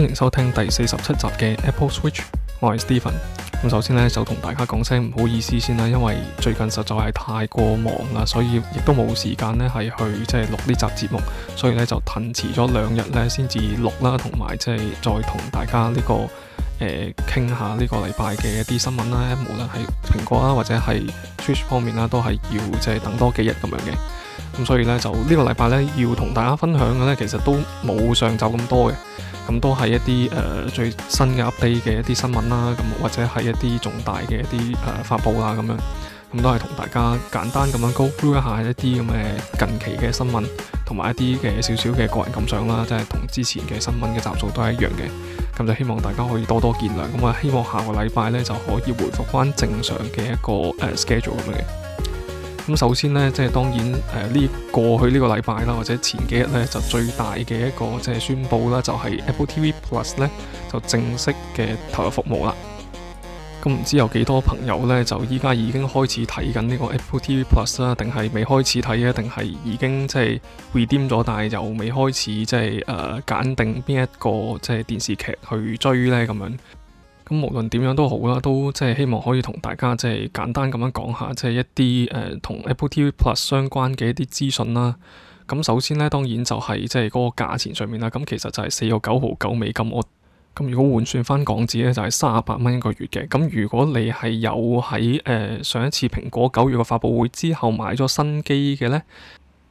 歡迎收聽第四十七集嘅 Apple Switch，我係 Steven。咁首先咧就同大家講聲唔好意思先啦，因為最近實在係太過忙啦，所以亦都冇時間咧係去即係錄呢集節目，所以咧就褪遲咗兩日咧先至錄啦，同埋即係再同大家呢、這個誒傾、呃、下呢個禮拜嘅一啲新聞啦。無論喺蘋果啊，或者喺 Switch 方面啦，都係要即係等多幾日咁樣嘅。咁所以咧就個禮呢個禮拜咧要同大家分享嘅咧，其實都冇上晝咁多嘅。咁都係一啲誒、呃、最新嘅 update 嘅一啲新聞啦，咁或者係一啲重大嘅一啲誒、呃、發布啊咁樣，咁都係同大家簡單咁樣 go through 一下一啲咁嘅近期嘅新聞，同埋一啲嘅少少嘅個人感想啦，即係同之前嘅新聞嘅集數都係一樣嘅，咁就希望大家可以多多見諒，咁啊希望下個禮拜咧就可以回復翻正常嘅一個誒、uh, schedule 咁樣嘅。咁首先呢，即係當然誒，呢過去呢個禮拜啦，或者前幾日呢，就最大嘅一個即係宣佈啦，就係 Apple TV Plus 呢，就正式嘅投入服務啦。咁唔知有幾多朋友呢，就依家已經開始睇緊呢個 Apple TV Plus 啦，定係未開始睇啊？定係已經即係 redeem 咗，但係又未開始即係誒揀定邊一個即係電視劇去追呢？咁樣。咁無論點樣都好啦，都即係希望可以同大家即係簡單咁樣講下，即係一啲誒同 Apple TV Plus 相關嘅一啲資訊啦。咁首先呢，當然就係即係嗰個價錢上面啦。咁其實就係四個九毫九美金，我咁如果換算翻港紙呢，就係三十八蚊一個月嘅。咁如果你係有喺誒上一次蘋果九月嘅發布會之後買咗新機嘅呢。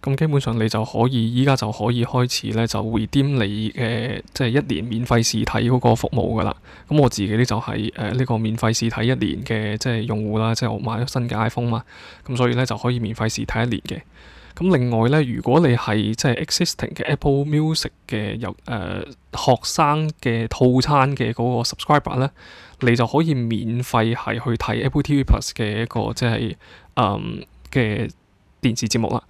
咁基本上你就可以依家就可以開始咧，就 redeem 你嘅即係一年免費試睇嗰個服務噶啦。咁我自己咧就係誒呢個免費試睇一年嘅即係用戶啦，即係我買咗新嘅 iPhone 嘛。咁所以咧就可以免費試睇一年嘅。咁另外咧，如果你係即係 existing 嘅 Apple Music 嘅有誒學生嘅套餐嘅嗰個 subscriber 咧，你就可以免費係去睇 Apple TV Plus 嘅一個即係誒嘅電視節目啦。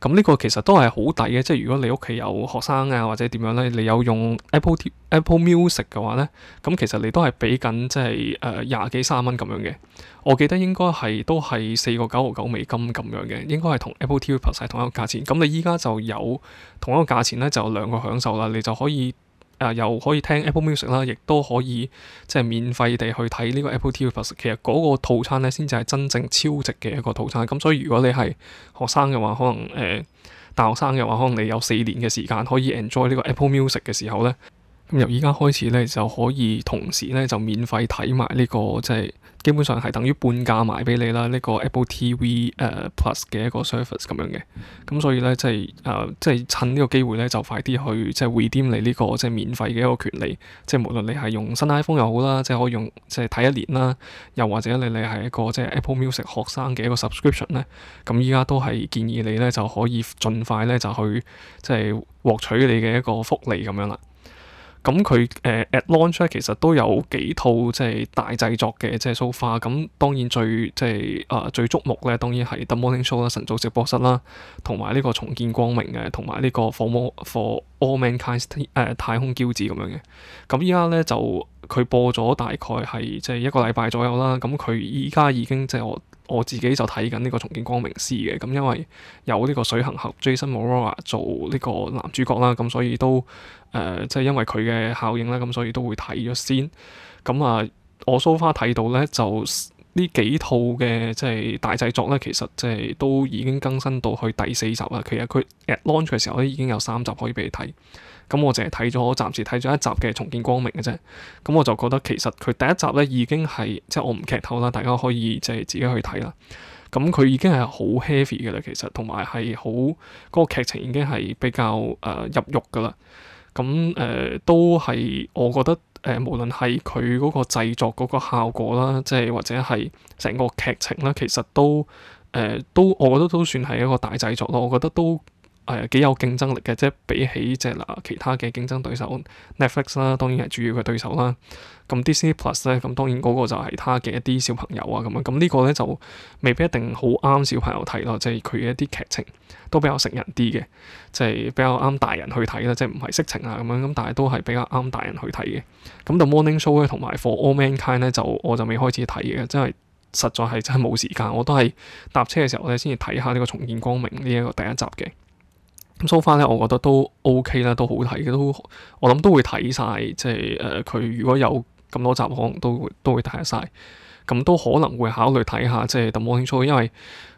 咁呢個其實都係好抵嘅，即係如果你屋企有學生啊或者點樣咧，你有用 Apple Apple Music 嘅話咧，咁其實你都係畀緊即係誒廿幾三十蚊咁樣嘅。我記得應該係都係四個九毫九美金咁樣嘅，應該係同 Apple TV Plus 係同一個價錢。咁你依家就有同一個價錢咧，就有兩個享受啦，你就可以。呃、又可以聽 Apple Music 啦，亦都可以即係免費地去睇呢個 Apple TV Plus。其實嗰個套餐呢，先至係真正超值嘅一個套餐。咁所以如果你係學生嘅話，可能誒、呃、大學生嘅話，可能你有四年嘅時間可以 enjoy 呢個 Apple Music 嘅時候呢。咁由依家開始咧，就可以同時咧就免費睇埋呢個，即係基本上係等於半價賣俾你啦。呢個 Apple TV 誒、uh, Plus 嘅一個 service 咁樣嘅。咁所以咧，即係誒，uh, 即係趁呢個機會咧，就快啲去即係 redeem 你呢個即係免費嘅一個權利。即係無論你係用新 iPhone 又好啦，即係可以用即係睇一年啦，又或者你你係一個即係 Apple Music 學生嘅一個 subscription 咧，咁依家都係建議你咧就可以盡快咧就去即係獲取你嘅一個福利咁樣啦。咁佢誒 at launch 咧，其實都有幾套即係大製作嘅即係 so far，咁，就是 so，當然最即係啊最觸目咧，當然係 The Morning Show 啦，晨早直播室啦，同埋呢個重見光明嘅，同埋呢個 For More For All Mankind 誒，uh, 太空驕子咁樣嘅。咁依家咧就佢播咗大概係即係一個禮拜左右啦。咁佢依家已經即係，就是，我。我自己就睇緊呢個《重見光明師》嘅，咁因為有呢個水行俠 Jason Momoa 做呢個男主角啦，咁所以都誒，即、呃、係、就是、因為佢嘅效應啦，咁所以都會睇咗先。咁啊，我 so far 睇到咧，就呢幾套嘅即係大製作咧，其實即係都已經更新到去第四集啦。其實佢 at launch 嘅時候咧，已經有三集可以俾你睇。咁我淨係睇咗，暫時睇咗一集嘅《重見光明》嘅啫。咁我就覺得其實佢第一集咧已經係，即係我唔劇透啦，大家可以即係自己去睇啦。咁佢已經係好 heavy 嘅啦，其實同埋係好嗰個劇情已經係比較誒、呃、入肉噶啦。咁誒、呃、都係我覺得誒、呃，無論係佢嗰個製作嗰個效果啦，即係或者係成個劇情啦，其實都誒、呃、都，我覺得都算係一個大製作咯。我覺得都。誒幾有競爭力嘅，即係比起即係嗱其他嘅競爭對手 Netflix 啦，當然係主要嘅對手啦。咁 Disney Plus 咧，咁當然嗰個就係他嘅一啲小朋友啊，咁樣咁呢個咧就未必一定好啱小朋友睇咯，即係佢嘅一啲劇情都比較成人啲嘅，即係比較啱大人去睇啦，即係唔係色情啊咁樣咁，但係都係比較啱大人去睇嘅。咁就 Morning Show 咧，同埋 For All Mankind 咧，就我就未開始睇嘅，即係實在係真係冇時間。我都係搭車嘅時候咧，先至睇下呢個《重見光明》呢一個第一集嘅。咁收翻咧，我覺得都 OK 啦，都好睇嘅，都我諗都會睇晒，即係誒佢如果有咁多集，可能都都會睇晒。咁都可能會考慮睇下即係 The Morning Show，因為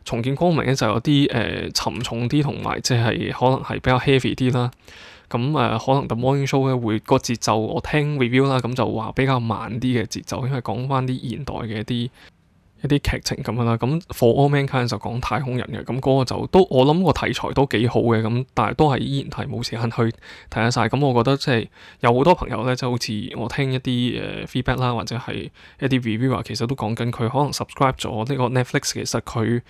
重見光明咧就有啲誒沉重啲，同埋即係可能係比較 heavy 啲啦。咁誒可能 The Morning Show 咧會個節奏，我聽 review 啦、so，咁就話比較慢啲嘅節奏，因為講翻啲現代嘅一啲。一啲劇情咁樣啦，咁《For All Mankind》就講太空人嘅，咁嗰個就都我諗個題材都幾好嘅，咁但係都係依然係冇時間去睇得晒。咁我覺得即係有好多朋友咧，就好似我聽一啲誒 feedback 啦，或者係一啲 review 話，其實都講緊佢可能 subscribe 咗呢個 Netflix，其實佢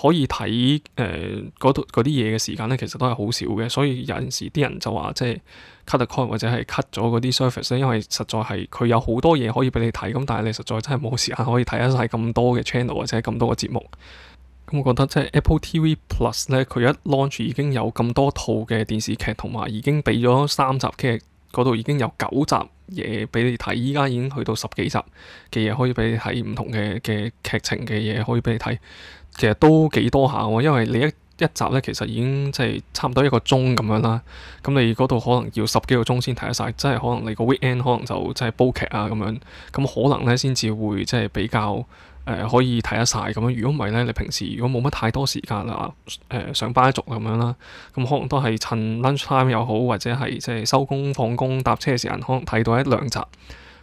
可以睇誒嗰度啲嘢嘅時間咧，其實都係好少嘅，所以有陣時啲人就話即係。cut the cord 或者係 cut 咗嗰啲 service 因為實在係佢有好多嘢可以俾你睇，咁但係你實在真係冇時間可以睇得曬咁多嘅 channel 或者咁多嘅節目。咁我覺得即係 Apple TV Plus 咧，佢一 launch 已經有咁多套嘅電視劇，同埋已經俾咗三集劇，嗰度已經有九集嘢俾你睇，依家已經去到十幾集嘅嘢可以俾你睇，唔同嘅嘅劇情嘅嘢可以俾你睇，其實都幾多下喎，因為你一一集咧，其實已經即係差唔多一個鐘咁樣啦。咁你嗰度可能要十幾個鐘先睇得晒，即係可能你個 weekend 可能就即係煲劇啊咁樣。咁可能咧先至會即係比較誒、呃、可以睇得晒咁樣。如果唔係咧，你平時如果冇乜太多時間啦，誒、呃、上班一族咁樣啦，咁可能都係趁 lunch time 又好，或者係即係收工放工搭車嘅時間，可能睇到一兩集，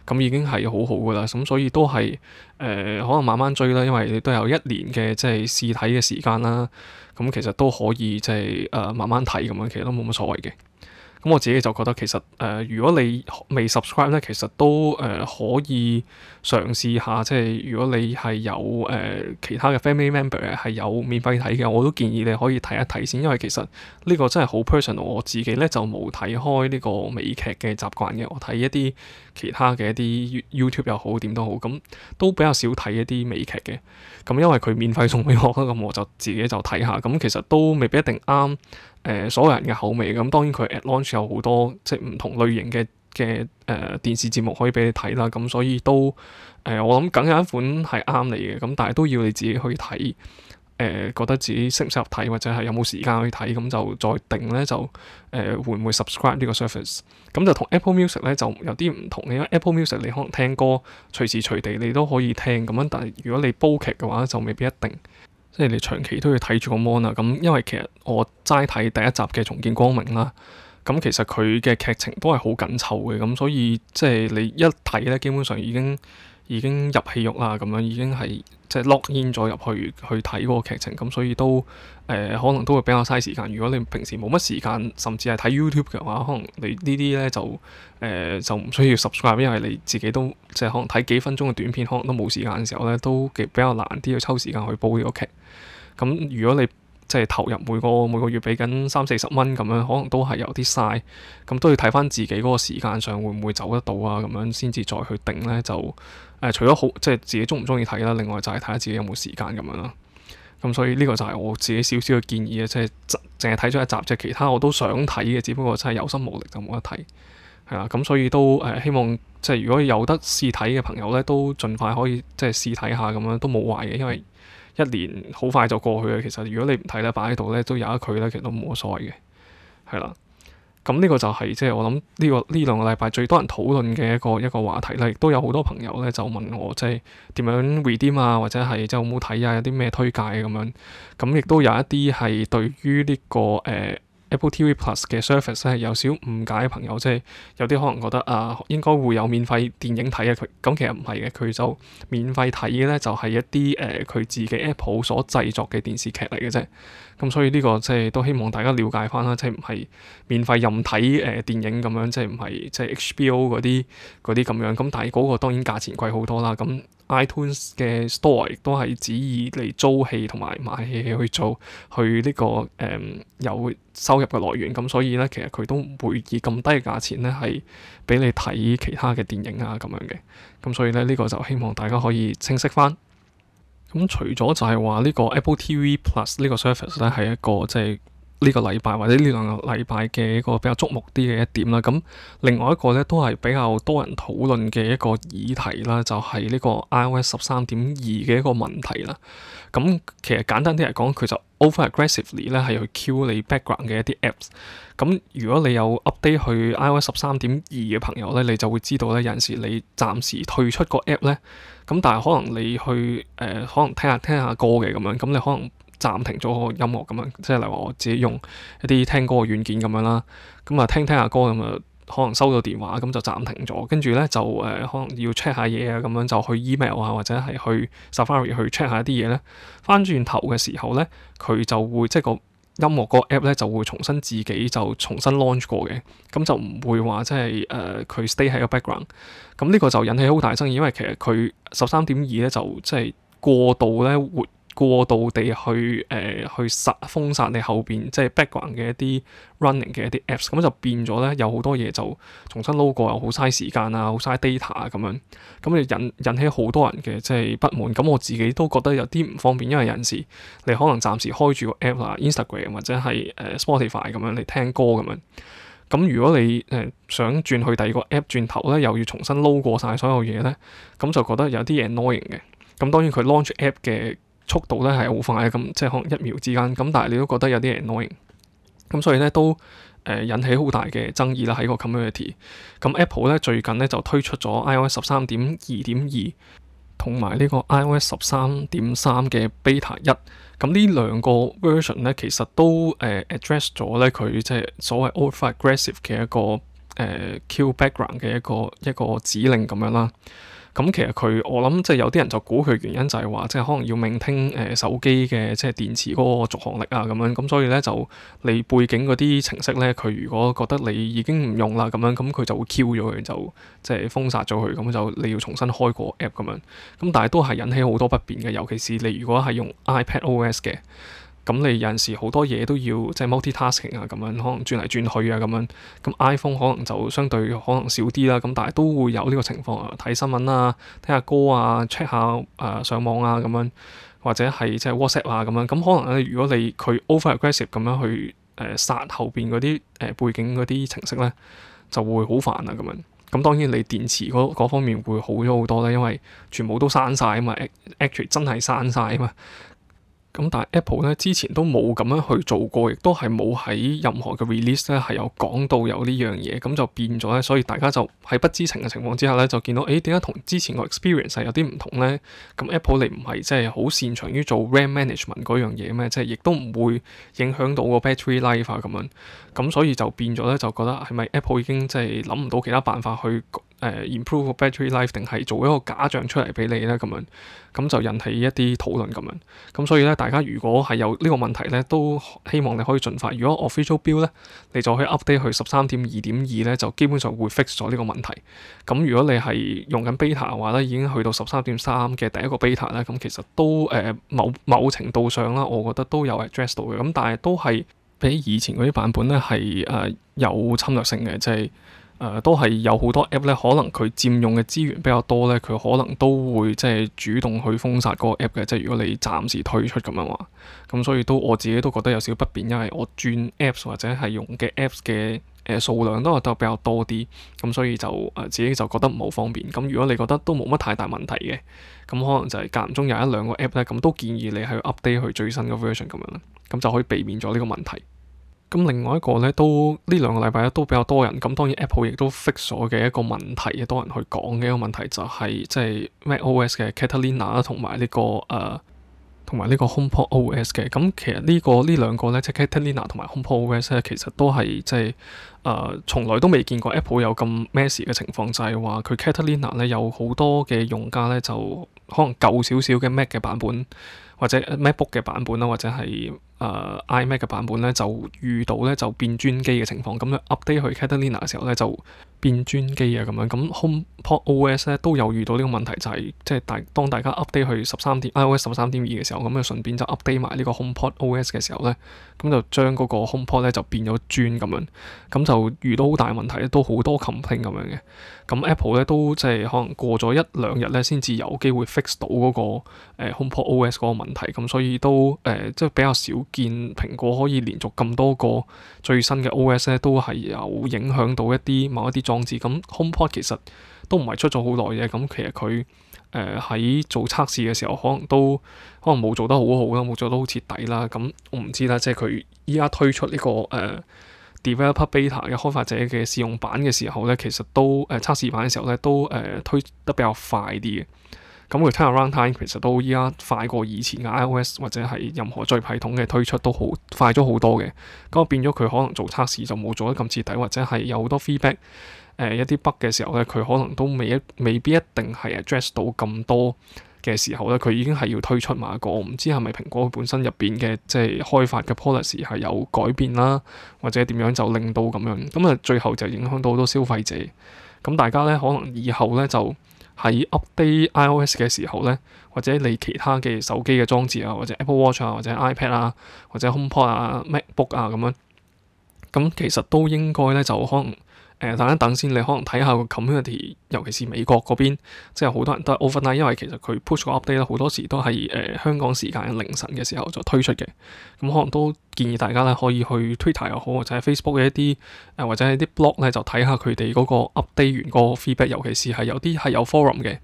咁已經係好好噶啦。咁所以都係誒、呃、可能慢慢追啦，因為你都有一年嘅即係試睇嘅時間啦。咁其實都可以、就係，即係誒慢慢睇咁樣，其實都冇乜所謂嘅。咁我自己就覺得其實誒、呃，如果你未 subscribe 咧，其實都誒、呃、可以嘗試下。即係如果你係有誒、呃、其他嘅 family member 咧係有免費睇嘅，我都建議你可以睇一睇先。因為其實呢個真係好 personal。我自己咧就冇睇開呢個美劇嘅習慣嘅，我睇一啲其他嘅一啲 YouTube 又好，點都好，咁都比較少睇一啲美劇嘅。咁因為佢免費送俾我啦，咁我就自己就睇下。咁其實都未必一定啱，誒，所有人嘅口味咁，當然佢 At Launch 有好多即係唔同類型嘅嘅誒電視節目可以俾你睇啦。咁所以都誒、呃，我諗梗有一款係啱你嘅。咁但係都要你自己去睇，誒、呃、覺得自己適唔適合睇，或者係有冇時間去睇，咁就再定咧。就誒、呃、會唔會 subscribe 呢個 service？咁就同 Apple Music 咧就有啲唔同嘅。因為 Apple Music 你可能聽歌隨時隨地你都可以聽咁樣，但係如果你煲劇嘅話就未必一定。即係你長期都要睇住個 mon 啊，咁因為其實我齋睇第一集嘅《重見光明》啦，咁其實佢嘅劇情都係好緊湊嘅，咁所以即係你一睇咧，基本上已經。已經入戲肉啦，咁樣已經係即係 lock in 咗入去去睇嗰個劇情，咁所以都誒、呃、可能都會比較嘥時間。如果你平時冇乜時間，甚至係睇 YouTube 嘅話，可能你呢啲呢就誒、呃、就唔需要 subscribe，因為你自己都即係、就是、可能睇幾分鐘嘅短片，可能都冇時間嘅時候呢，都比較難啲要抽時間去煲呢個劇。咁如果你即係、就是、投入每個每個月俾緊三四十蚊咁樣，可能都係有啲嘥。咁都要睇翻自己嗰個時間上會唔會走得到啊？咁樣先至再去定呢就。誒除咗好即係自己鍾唔鍾意睇啦，另外就係睇下自己有冇時間咁樣啦。咁所以呢個就係我自己少少嘅建議啊，即係淨係睇咗一集，即係其他我都想睇嘅，只不過真係有心無力就冇得睇係啦。咁所以都誒、呃、希望即係如果有得試睇嘅朋友咧，都盡快可以即係試睇下咁樣都冇壞嘅，因為一年好快就過去嘅。其實如果你唔睇咧擺喺度咧，都有一佢咧，其實都冇乜所謂嘅係啦。咁呢個就係即係我諗呢、這個呢兩個禮拜最多人討論嘅一個一個話題啦，亦都有好多朋友咧就問我即係點樣 redeem 啊，或者係即係好唔好睇啊，有啲咩推介咁，啊、樣，咁亦都有一啲係對於呢、這個誒。呃 Apple TV Plus 嘅 service 咧，有少誤解嘅朋友，即係有啲可能覺得啊，應該會有免費電影睇啊佢，咁其實唔係嘅，佢就免費睇嘅咧就係、是、一啲誒佢自己 Apple 所製作嘅電視劇嚟嘅啫。咁所以呢、這個即係都希望大家了解返啦，即係唔係免費任睇誒、呃、電影，咁樣即係唔係即係 HBO 嗰啲嗰啲咁樣，咁但係嗰個當然價錢貴好多啦咁。iTunes 嘅 store 都係指以嚟租戲同埋買戲去做去呢、呢個誒、嗯、有收入嘅來源，咁所以咧其實佢都唔會以咁低嘅價錢咧係俾你睇其他嘅電影啊，咁樣嘅，咁所以咧呢、呢個就希望大家可以清晰返。咁除咗就係話、呢個、呢個 Apple TV Plus 呢個 service 咧係一個即係。就是呢個禮拜或者呢兩個禮拜嘅一個比較觸目啲嘅一點啦，咁另外一個咧都係比較多人討論嘅一個議題啦，就係、是、呢個 iOS 十三點二嘅一個問題啦。咁其實簡單啲嚟講，佢就 over aggressively 咧係去 cue 你 background 嘅一啲 apps。咁如果你有 update 去 iOS 十三點二嘅朋友咧，你就會知道咧有陣時你暫時退出個 app 咧，咁但係可能你去誒、呃、可能聽下聽下歌嘅咁樣，咁你可能。暫停咗個音樂咁樣，即係例如話我自己用一啲聽歌嘅軟件咁樣啦，咁啊聽聽下歌咁啊，可能收到電話咁就暫停咗，跟住咧就誒、呃、可能要 check 下嘢啊，咁樣就去 email 啊或者係去 Safari 去 check 下一啲嘢咧。翻轉頭嘅時候咧，佢就會即係個音樂個 app 咧就會重新自己就重新 launch 過嘅，咁就唔會話即係誒佢 stay 喺個 background。咁、這、呢個就引起好大爭議，因為其實佢十三點二咧就即係過度咧活。過度地去誒、呃、去殺封殺你後邊即係 background 嘅一啲 running 嘅一啲 apps，咁就變咗咧，有好多嘢就重新 load 過，又好嘥時間啊，好嘥 data 啊咁樣，咁就引引起好多人嘅即係不滿。咁我自己都覺得有啲唔方便，因為有陣時你可能暫時開住個 app 啊 Instagram 或者係誒、呃、Spotify 咁樣嚟聽歌咁樣。咁如果你誒想轉去第二個 app 轉頭咧，又要重新 load 過曬所有嘢咧，咁就覺得有啲 annoying 嘅。咁當然佢 launch app 嘅速度咧係好快啊，咁即係可能一秒之間。咁但係你都覺得有啲 annoying，咁所以咧都誒、呃、引起好大嘅爭議啦喺個 community。咁 Apple 咧最近咧就推出咗 iOS 十三點二點二同埋呢個 iOS 十三點三嘅 beta 一。咁呢兩個 version 咧其實都誒、呃、address 咗咧佢即係所謂 overly aggressive 嘅一個誒 kill、呃、background 嘅一個一個指令咁樣啦。咁其實佢，我諗即係有啲人就估佢原因就係話，即係可能要 maintain 誒手機嘅即係電池嗰個續航力啊咁樣，咁所以咧就你背景嗰啲程式咧，佢如果覺得你已經唔用啦咁樣，咁佢就會 Q 咗佢，就即係封殺咗佢，咁就你要重新開個 app 咁樣，咁但係都係引起好多不便嘅，尤其是你如果係用 iPadOS 嘅。咁你有陣時好多嘢都要即係、就是、multi-tasking 啊，咁樣可能轉嚟轉去啊，咁樣咁 iPhone 可能就相對可能少啲啦，咁但係都會有呢個情況睇新聞啊、聽下歌啊、check 下誒、呃、上網啊咁樣，或者係即係 WhatsApp 啊咁樣，咁可能如果你佢 overaggressive 咁樣去誒、呃、殺後邊嗰啲誒背景嗰啲程式咧，就會好煩啊咁樣。咁當然你電池嗰方面會好咗好多啦，因為全部都刪晒啊嘛，actually 真係刪晒啊嘛。咁但係 Apple 咧之前都冇咁樣去做過，亦都係冇喺任何嘅 release 咧係有講到有呢樣嘢，咁就變咗咧。所以大家就喺不知情嘅情況之下咧，就見到誒點解同之前個 experience 係有啲唔同咧？咁 Apple 你唔係即係好擅長於做 RAM management 嗰樣嘢咩？即係亦都唔會影響到個 battery life 啊咁樣，咁所以就變咗咧，就覺得係咪 Apple 已經即係諗唔到其他辦法去？誒、uh, improve battery life 定係做一個假象出嚟俾你咧咁樣，咁就引起一啲討論咁樣。咁所以咧，大家如果係有呢個問題咧，都希望你可以盡快。如果 official build 咧，你就可以 update 去十三點二點二咧，就基本上會 fix 咗呢個問題。咁如果你係用緊 beta 嘅話咧，已經去到十三點三嘅第一個 beta 咧，咁其實都誒、呃、某某程度上啦，我覺得都有 address 到嘅。咁但係都係比以前嗰啲版本咧係誒有侵略性嘅，即、就、係、是。誒、呃、都係有好多 app 咧，可能佢佔用嘅資源比較多咧，佢可能都會即係主動去封殺嗰個 app 嘅。即係如果你暫時退出咁樣話，咁所以都我自己都覺得有少少不便，因為我轉 app 或者係用嘅 app 嘅誒、呃、數量都都比較多啲，咁所以就誒、呃、自己就覺得唔好方便。咁如果你覺得都冇乜太大問題嘅，咁可能就係間唔中有一兩個 app 咧，咁都建議你去 update 去最新嘅 version 咁樣啦，咁就可以避免咗呢個問題。咁另外一個咧，都呢兩個禮拜咧都比較多人。咁當然 Apple 亦都 fix 咗嘅一個問題，亦多人去講嘅一個問題就係、是、即係 MacOS 嘅 Catalina 同埋、這、呢個誒同埋呢個 HomePod OS 嘅。咁其實呢、這個、個呢兩個咧，即係 Catalina 同埋 HomePod OS 咧，其實都係即係誒從來都未見過 Apple 有咁 messy 嘅情況，就係、是、話佢 Catalina 咧有好多嘅用家咧就可能舊少少嘅 Mac 嘅版本或者 MacBook 嘅版本啦，或者係。誒 iMac 嘅版本咧就遇到咧就變磚機嘅情況，咁、嗯、樣 update 去 Catalina 嘅時候咧就變磚機啊，咁、嗯、樣咁 HomePod OS 咧都有遇到呢個問題，就係、是、即係大當大家 update 去十三點 iOS 十三點二嘅時候，咁、嗯、就順便就 update 埋呢個 HomePod OS 嘅時候咧，咁、嗯、就將嗰個 HomePod 咧就變咗磚咁樣，咁、嗯、就遇到好大問題都好多 complaint 咁樣嘅，咁、嗯、Apple 咧都即係可能過咗一兩日咧先至有機會 fix 到嗰、那個、呃、HomePod OS 嗰個問題，咁、嗯、所以都誒即係比較少。見蘋果可以連續咁多個最新嘅 OS 咧，都係有影響到一啲某一啲裝置。咁 HomePod 其實都唔係出咗好耐嘅，咁其實佢誒喺做測試嘅時候可，可能都可能冇做得好好啦，冇做得好徹底啦。咁我唔知啦，即係佢依家推出呢、這個誒、呃、Developer Beta 嘅開發者嘅試用版嘅時候咧，其實都誒、呃、測試版嘅時候咧，都誒、呃、推得比較快啲。咁佢下、嗯、runtime 其實都依家快過以前嘅 iOS 或者係任何作業系統嘅推出都好快咗好多嘅，咁變咗佢可能做測試就冇做得咁徹底，或者係有好多 feedback，誒、呃、一啲 bug 嘅時候咧，佢可能都未一未必一定係 address 到咁多嘅時候咧，佢已經係要推出埋、那、一個，唔知係咪蘋果本身入邊嘅即係開發嘅 policy 係有改變啦，或者點樣就令到咁樣，咁啊最後就影響到好多消費者，咁大家咧可能以後咧就。喺 update iOS 嘅時候咧，或者你其他嘅手機嘅裝置啊，或者 Apple Watch 啊，或者 iPad 啊，或者 HomePod 啊、MacBook 啊咁樣，咁其實都應該咧就可能。誒、呃、等一等先，你可能睇下個 community 尤其是美國嗰邊，即係好多人都 open 啦，因為其實佢 push 個 update 咧好多時都係誒、呃、香港時間凌晨嘅時候就推出嘅。咁、嗯、可能都建議大家咧可以去 Twitter 又好或者 Facebook 嘅一啲誒、呃、或者係啲 blog 咧就睇下佢哋嗰個 update 完個 feedback，尤其是係有啲係有 forum 嘅。咁、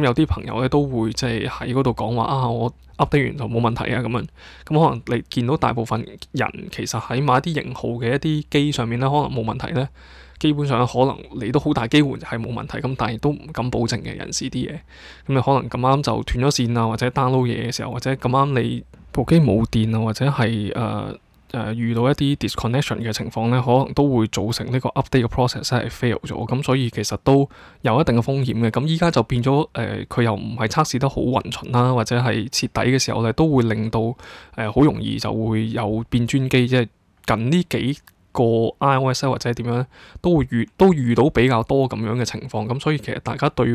嗯、有啲朋友咧都會即係喺嗰度講話啊，我 update 完就冇問題啊咁樣。咁、嗯、可能你見到大部分人其實喺買啲型號嘅一啲機上面咧，可能冇問題咧。基本上可能你都好大機會係冇問題，咁但係都唔敢保證嘅人士啲嘢，咁你可能咁啱就斷咗線啊，或者 download 嘢嘅時候，或者咁啱你部機冇電啊，或者係誒誒遇到一啲 disconnection 嘅情況咧，可能都會造成呢個 update 嘅 process 係 fail 咗，咁所以其實都有一定嘅風險嘅。咁依家就變咗誒，佢、呃、又唔係測試得好純盡啦，或者係徹底嘅時候咧，都會令到誒好、呃、容易就會有變磚機，即係近呢幾。個 iOS 或者點樣都會遇都遇到比較多咁樣嘅情況，咁所以其實大家對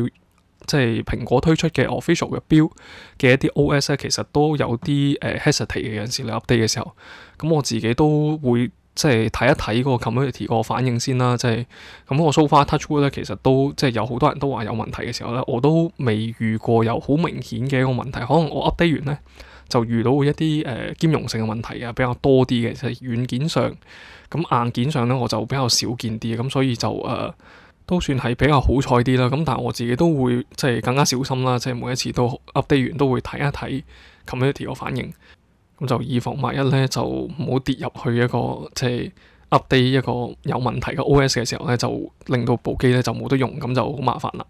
即係蘋果推出嘅 official 嘅標嘅一啲 OS 咧，其實都有啲誒、呃、hesitate 嘅，有陣時你 update 嘅時候，咁我自己都會即係睇一睇嗰個 community 個反應先啦，即係咁我 so far touch wood 咧，其實都即係有好多人都話有問題嘅時候咧，我都未遇過有好明顯嘅一個問題，可能我 update 完咧。就遇到一啲誒兼容性嘅問題啊，比較多啲嘅，即係軟件上，咁硬件上咧我就比較少見啲，咁所以就誒都算係比較好彩啲啦。咁但係我自己都會即係更加小心啦，即係每一次都 update 完都會睇一睇 community 嘅反應，咁就以防萬一咧就唔好跌入去一個即係 update 一個有問題嘅 OS 嘅時候咧，就令到部機咧就冇得用，咁就好麻煩啦。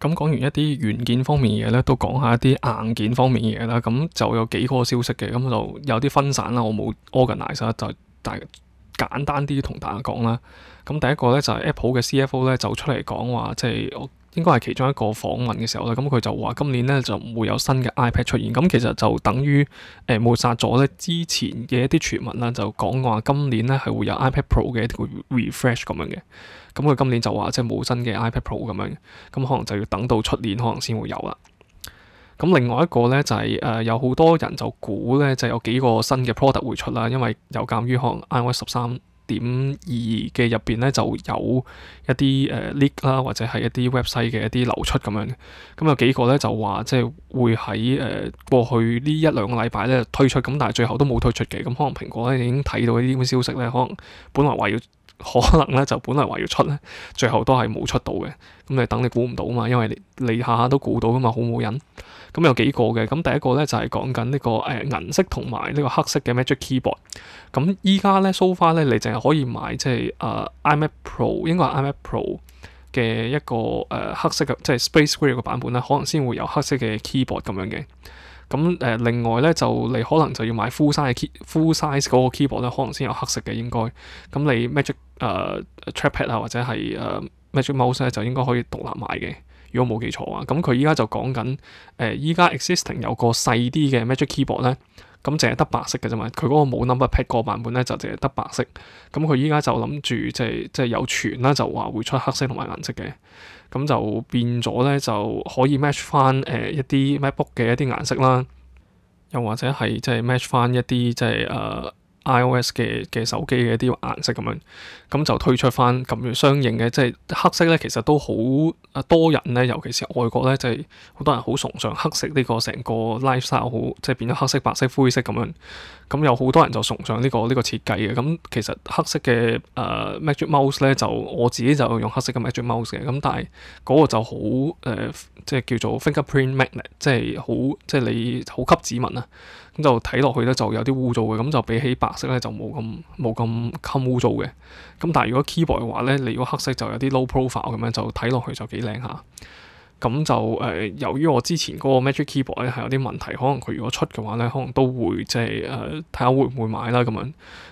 咁講完一啲軟件方面嘅嘢咧，都講下一啲硬件方面嘅嘢啦。咁就有幾個消息嘅，咁就有啲分散啦。我冇 organize 啦，就大簡單啲同大家講啦。咁第一個咧就係 Apple 嘅 CFO 咧就出嚟講話，即係我。應該係其中一個訪問嘅時候啦，咁佢就話今年咧就唔會有新嘅 iPad 出現，咁其實就等於誒抹殺咗咧之前嘅一啲傳聞啦，就講話今年咧係會有 iPad Pro 嘅一個 refresh 咁樣嘅，咁佢今年就話即係冇新嘅 iPad Pro 咁樣，咁可能就要等到出年可能先會有啦。咁另外一個咧就係、是、誒、呃、有好多人就估咧就有幾個新嘅 product 會出啦，因為有鑑於可能 iOS 十三。點意嘅入邊咧，就有一啲誒 link 啦，或者係一啲 website 嘅一啲流出咁樣嘅。咁有幾個咧就話，即係會喺誒、uh，過去呢一兩個禮拜咧推出，咁但係最後都冇推出嘅。咁可能蘋果咧已經睇到呢啲咁嘅消息咧，可能本來話要。可能咧就本嚟話要出咧，最後都係冇出到嘅。咁你等你估唔到啊嘛，因為你下下都估到噶嘛，好冇癮。咁有幾個嘅，咁第一個咧就係講緊呢個誒、呃、銀色同埋呢個黑色嘅 Magic Keyboard。咁依家咧 So far 咧，你淨係可以買即係誒、呃、iMac Pro 應該係 iMac Pro 嘅一個誒、呃、黑色嘅即係 Space Gray 版本啦，可能先會有黑色嘅 keyboard 咁樣嘅。咁誒、呃、另外咧就你可能就要買 full size key, full size 嗰個 keyboard 咧，可能先有黑色嘅應該。咁你 Magic 誒、uh, trackpad 啊，或者係誒、uh, magic mouse 咧，就應該可以獨立買嘅，如果冇記錯啊。咁佢依家就講緊誒，依、呃、家 existing 有個細啲嘅 magic keyboard 咧，咁淨係得白色嘅啫嘛。佢嗰個冇 number pad 個版本咧，就淨係得白色。咁佢依家就諗住即係即係有傳啦，就話會出黑色同埋顏色嘅。咁就變咗咧，就可以 match 翻誒、呃、一啲 macbook 嘅一啲顏色啦。又或者係即係 match 翻一啲即係誒。就是 uh, iOS 嘅嘅手機嘅一啲顏色咁樣，咁就推出翻咁樣相應嘅，即係黑色咧，其實都好，啊，多人咧，尤其是外國咧，即係好多人好崇尚黑色呢個成個 life style，好即係變咗黑色、白色、灰色咁樣，咁有好多人就崇尚呢個呢個設計嘅。咁其實黑色嘅誒 Magic Mouse 咧，就我自己就用黑色嘅 Magic Mouse 嘅。咁但係嗰個就好誒，即係叫做 fingerprint magnet，即係好即係你好吸指紋啊。咁就睇落去咧就有啲污糟嘅，咁就比起白色咧就冇咁冇咁襟污糟嘅。咁但係如果 keyboard 嘅話咧，你如果黑色就有啲 low profile 咁樣，就睇落去就幾靚嚇。咁就誒、呃，由於我之前嗰個 magic keyboard 咧係有啲問題，可能佢如果出嘅話咧，可能都會即係誒睇下會唔會買啦咁樣。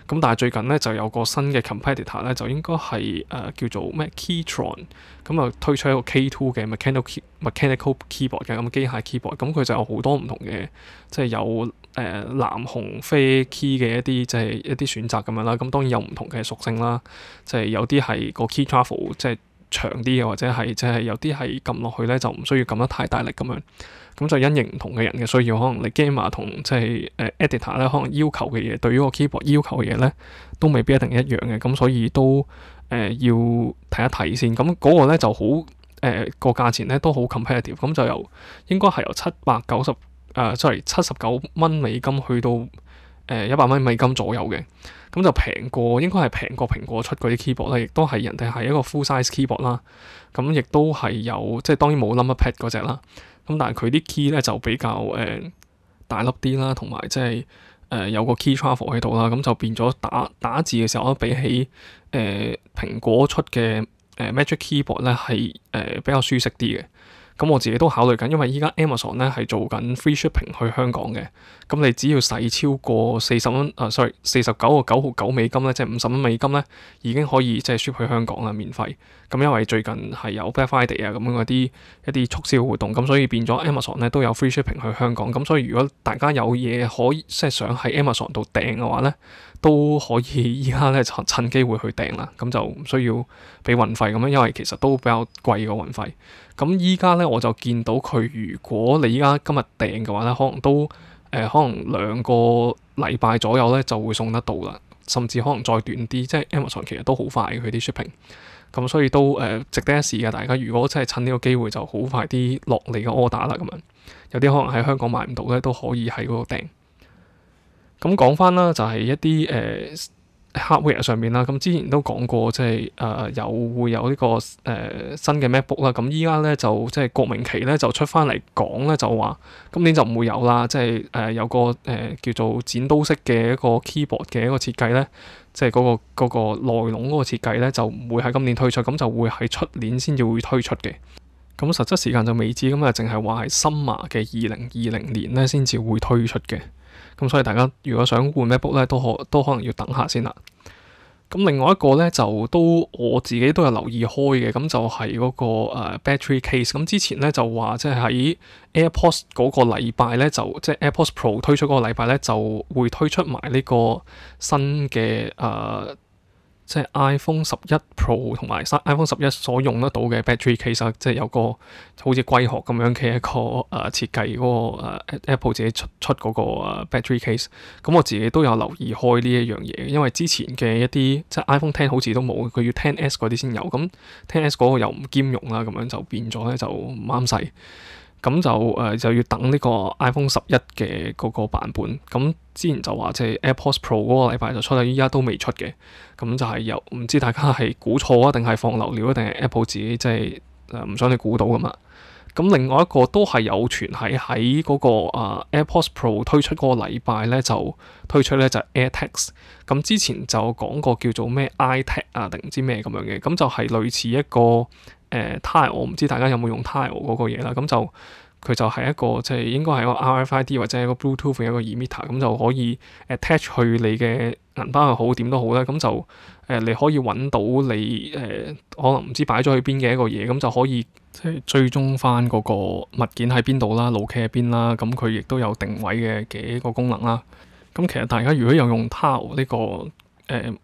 咁但係最近咧就有個新嘅 competitor 咧，就應該係誒叫做咩 keytron。咁啊推出一個 k two 嘅 me mechanical mechanical keyboard 嘅咁機、那個、械 keyboard，咁佢就有好多唔同嘅，即係有。誒、呃、藍紅啡 key 嘅一啲就係、是、一啲選擇咁樣啦，咁當然有唔同嘅屬性啦，即、就、係、是、有啲係個 key travel 即係長啲嘅，或者係即係有啲係撳落去咧就唔需要撳得太大力咁樣，咁就因應唔同嘅人嘅需要，可能你 gamer 同、就、即、是、係誒、呃、editor 咧，可能要求嘅嘢，對於個 keyboard 要求嘅嘢咧，都未必一定一樣嘅，咁所以都誒、呃、要睇一睇先，咁嗰個咧就好誒、呃、個價錢咧都好 competitive，咁就由應該係由七百九十，誒即係七十九蚊美金去到誒一百蚊美金左右嘅，咁就平過，應該係平過蘋果出嗰啲 keyboard 咧，亦都係人哋係一個 full size keyboard 啦、啊。咁、嗯、亦都係有即係當然冇 number pad 嗰隻啦。咁、啊、但係佢啲 key 咧就比較誒、uh, 大粒啲啦，同埋即係誒有個 key travel 喺度啦。咁就變咗打打字嘅時候，比起誒、uh, 蘋果出嘅誒、uh, Magic Keyboard 咧係誒、uh, 比較舒適啲嘅。咁我自己都考慮緊，因為依家 Amazon 咧係做緊 free shipping 去香港嘅，咁你只要使超過四十蚊，啊，sorry，四十九個九毫九美金咧，即係五十蚊美金咧，已經可以即係 ship 去香港啦，免費。咁因為最近係有 Black Friday 啊咁嗰啲一啲促銷活動，咁所以變咗 Amazon 咧都有 free shipping 去香港。咁所以如果大家有嘢可以即係、就是、想喺 Amazon 度訂嘅話咧，都可以依家咧趁趁機會去訂啦，咁就唔需要俾運費咁樣，因為其實都比較貴個運費。咁依家咧我就見到佢，如果你依家今日訂嘅話咧，可能都誒、呃、可能兩個禮拜左右咧就會送得到啦，甚至可能再短啲，即係 Amazon 其實都好快佢啲 shipping。咁所以都誒、呃、值得一試嘅，大家如果真係趁呢個機會就好快啲落嚟個 order 啦咁樣，有啲可能喺香港買唔到咧都可以喺嗰度訂。咁講翻啦，就係一啲誒、uh, hardware 上面啦。咁之前都講過、就是，即係誒有會有、這個 uh, Book, 呢個誒新嘅 MacBook 啦。咁依家咧就即係郭明錤咧就出翻嚟講咧，就話今年就唔會有啦。即係誒有個誒、uh, 叫做剪刀式嘅一個 keyboard 嘅一個設計咧，即係嗰個嗰、那個內籠嗰個設計咧，就唔會喺今年推出，咁就會喺出年先至會推出嘅。咁實質時間就未知，咁啊淨係話係 Summer 嘅二零二零年咧先至會推出嘅。咁所以大家如果想換 MacBook 咧，都可都可能要等下先啦。咁另外一個咧，就都我自己都有留意開嘅，咁就係嗰、嗰個、uh, Battery Case。咁之前咧就話，即係喺 AirPods 嗰個禮拜咧，就即係 AirPods Pro 推出嗰個禮拜咧，就會推出埋呢個新嘅誒。Uh, 即係 iPhone 十一 Pro 同埋 iPhone 十一所用得到嘅 battery case，即係有個好似龜殼咁樣嘅一個誒設計嗰個、啊、Apple 自己出出嗰、那個、uh, battery case。咁我自己都有留意開呢一樣嘢，因為之前嘅一啲即係 iPhone Ten 好似都冇，佢要 Ten S 嗰啲先有。咁 Ten S 嗰個又唔兼容啦，咁樣就變咗咧就唔啱使。咁就誒、呃、就要等呢個 iPhone 十一嘅嗰個版本。咁之前就話即係 AirPods Pro 嗰個禮拜就出啦，依家都未出嘅。咁就係有唔知大家係估錯啊，定係放流料啊，定係 Apple 自己即係誒唔想你估到㗎嘛？咁另外一個都係有傳係喺嗰個啊 AirPods Pro 推出嗰個禮拜咧就推出咧就係、AirTags。咁之前就講過叫做咩 iTag 啊定唔知咩咁樣嘅，咁就係類似一個。誒、呃、Tile，我唔知大家有冇用 Tile 嗰嘢啦，咁、嗯、就佢就係一個即係、就是、應該係一個 RFID 或者係一個 Bluetooth 嘅一個 Emitter，咁、嗯、就可以 attach 去你嘅銀包又好點都好咧，咁、嗯、就誒、呃、你可以揾到你誒、呃、可能唔知擺咗去邊嘅一個嘢，咁、嗯、就可以即係、就是、追蹤翻嗰個物件喺邊度啦、Location 喺邊啦，咁佢亦都有定位嘅嘅一個功能啦。咁、嗯、其實大家如果有用 Tile 呢、這個誒，呃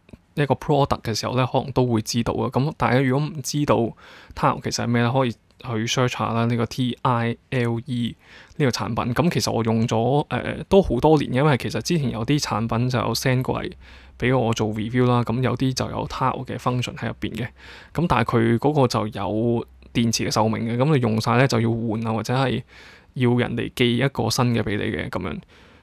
一個 product 嘅時候咧，可能都會知道啊。咁大家如果唔知道 Tile 其實係咩咧，可以去 search 下啦。呢個 Tile 呢個產品，咁其實我用咗誒、呃、都好多年，因為其實之前有啲產品就有 send 過嚟俾我做 review 啦。咁有啲就有 Tile 嘅 function 喺入邊嘅。咁但係佢嗰個就有電池嘅壽命嘅，咁你用晒咧就要換啊，或者係要人哋寄一個新嘅俾你嘅咁樣。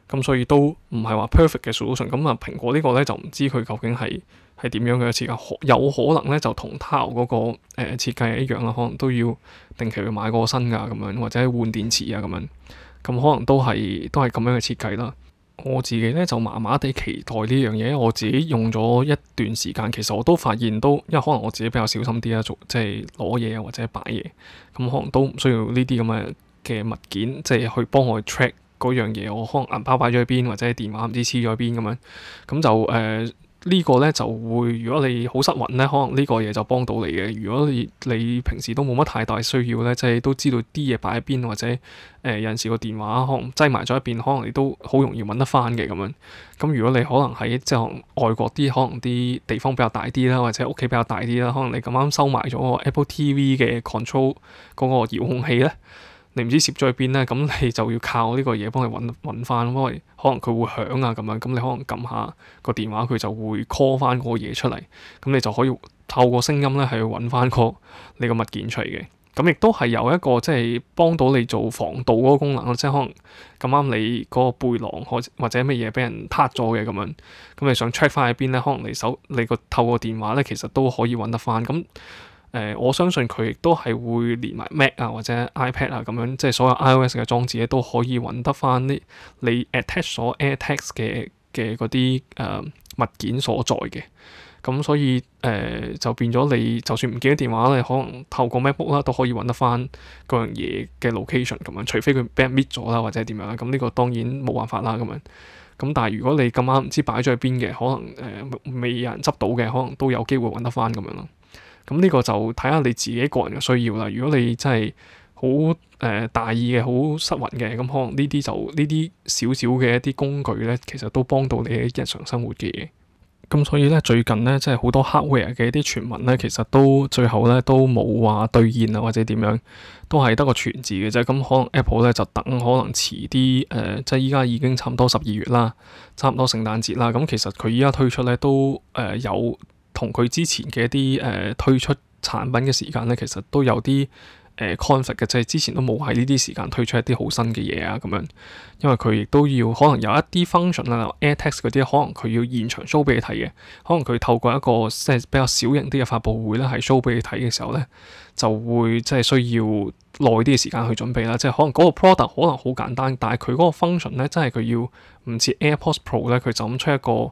咁所以都唔係話 perfect 嘅 solution。咁啊，蘋果呢個咧就唔知佢究竟係。係點樣嘅設計？有可能咧就同 Towel 嗰個、呃、設計一樣啦，可能都要定期去買個新噶咁樣，或者換電池啊咁樣。咁可能都係都係咁樣嘅設計啦。我自己咧就麻麻地期待呢樣嘢，我自己用咗一段時間，其實我都發現都，因為可能我自己比較小心啲啦，做即係攞嘢啊或者擺嘢，咁可能都唔需要呢啲咁嘅嘅物件，即係去幫我 check 嗰樣嘢。我可能銀包擺咗喺邊，或者電話唔知黐咗喺邊咁樣，咁就誒。呃個呢個咧就會，如果你好失魂咧，可能呢個嘢就幫到你嘅。如果你你平時都冇乜太大需要咧，即係都知道啲嘢擺喺邊，或者誒、呃、有陣時個電話可能擠埋咗一邊，可能你都好容易揾得翻嘅咁樣。咁如果你可能喺即係外國啲，可能啲地方比較大啲啦，或者屋企比較大啲啦，可能你咁啱收埋咗個 Apple TV 嘅 control 嗰個遙控器咧。你唔知攝咗去邊咧，咁你就要靠呢個嘢幫你揾揾翻，因為可能佢會響啊，咁樣，咁你可能撳下個電話，佢就會 call 翻個嘢出嚟，咁你就可以透過聲音咧係去揾翻個你個物件出嚟嘅。咁亦都係有一個即係、就是、幫到你做防盜嗰個功能，即係可能咁啱你嗰個背囊或者乜嘢俾人撻咗嘅咁樣，咁你想 check 翻喺邊咧，可能你手你個透過電話咧，其實都可以揾得翻咁。誒、呃，我相信佢亦都係會連埋 Mac 啊，或者 iPad 啊，咁樣即係所有 iOS 嘅裝置咧，都可以揾得翻啲你 attach 咗 AirTag 嘅嘅嗰啲誒物件所在嘅。咁、嗯、所以誒、呃，就變咗你就算唔記得電話咧，你可能透過 MacBook 啦都可以揾得翻嗰樣嘢嘅 location 咁樣。除非佢 b 俾人搣咗啦，或者點樣啦，咁呢個當然冇辦法啦咁樣。咁但係如果你咁啱唔知擺咗去邊嘅，可能誒、呃、未有人執到嘅，可能都有機會揾得翻咁樣咯。咁呢個就睇下你自己個人嘅需要啦。如果你真係好誒大意嘅、好失魂嘅，咁可能呢啲就呢啲少少嘅一啲工具咧，其實都幫到你日常生活嘅嘢。咁所以咧，最近咧，即係好多 hardware 嘅一啲傳聞咧，其實都最後咧都冇話兌現啊，或者點樣，都係得個傳字嘅啫。咁可能 Apple 咧就等可能遲啲誒、呃，即係依家已經差唔多十二月啦，差唔多聖誕節啦。咁其實佢依家推出咧都誒、呃、有。同佢之前嘅一啲誒、呃、推出產品嘅時間咧，其實都有啲誒、呃、conflict 嘅，即係之前都冇喺呢啲時間推出一啲好新嘅嘢啊咁樣。因為佢亦都要可能有一啲 function 啊 AirTags 嗰啲，可能佢要現場 show 俾你睇嘅，可能佢透過一個即係比較小型啲嘅發布會咧，係 show 俾你睇嘅時候咧，就會即係需要耐啲嘅時間去準備啦。即係可能嗰個 product 可能好簡單，但係佢嗰個 function 咧，真係佢要唔似 AirPods Pro 咧，佢就咁出一個。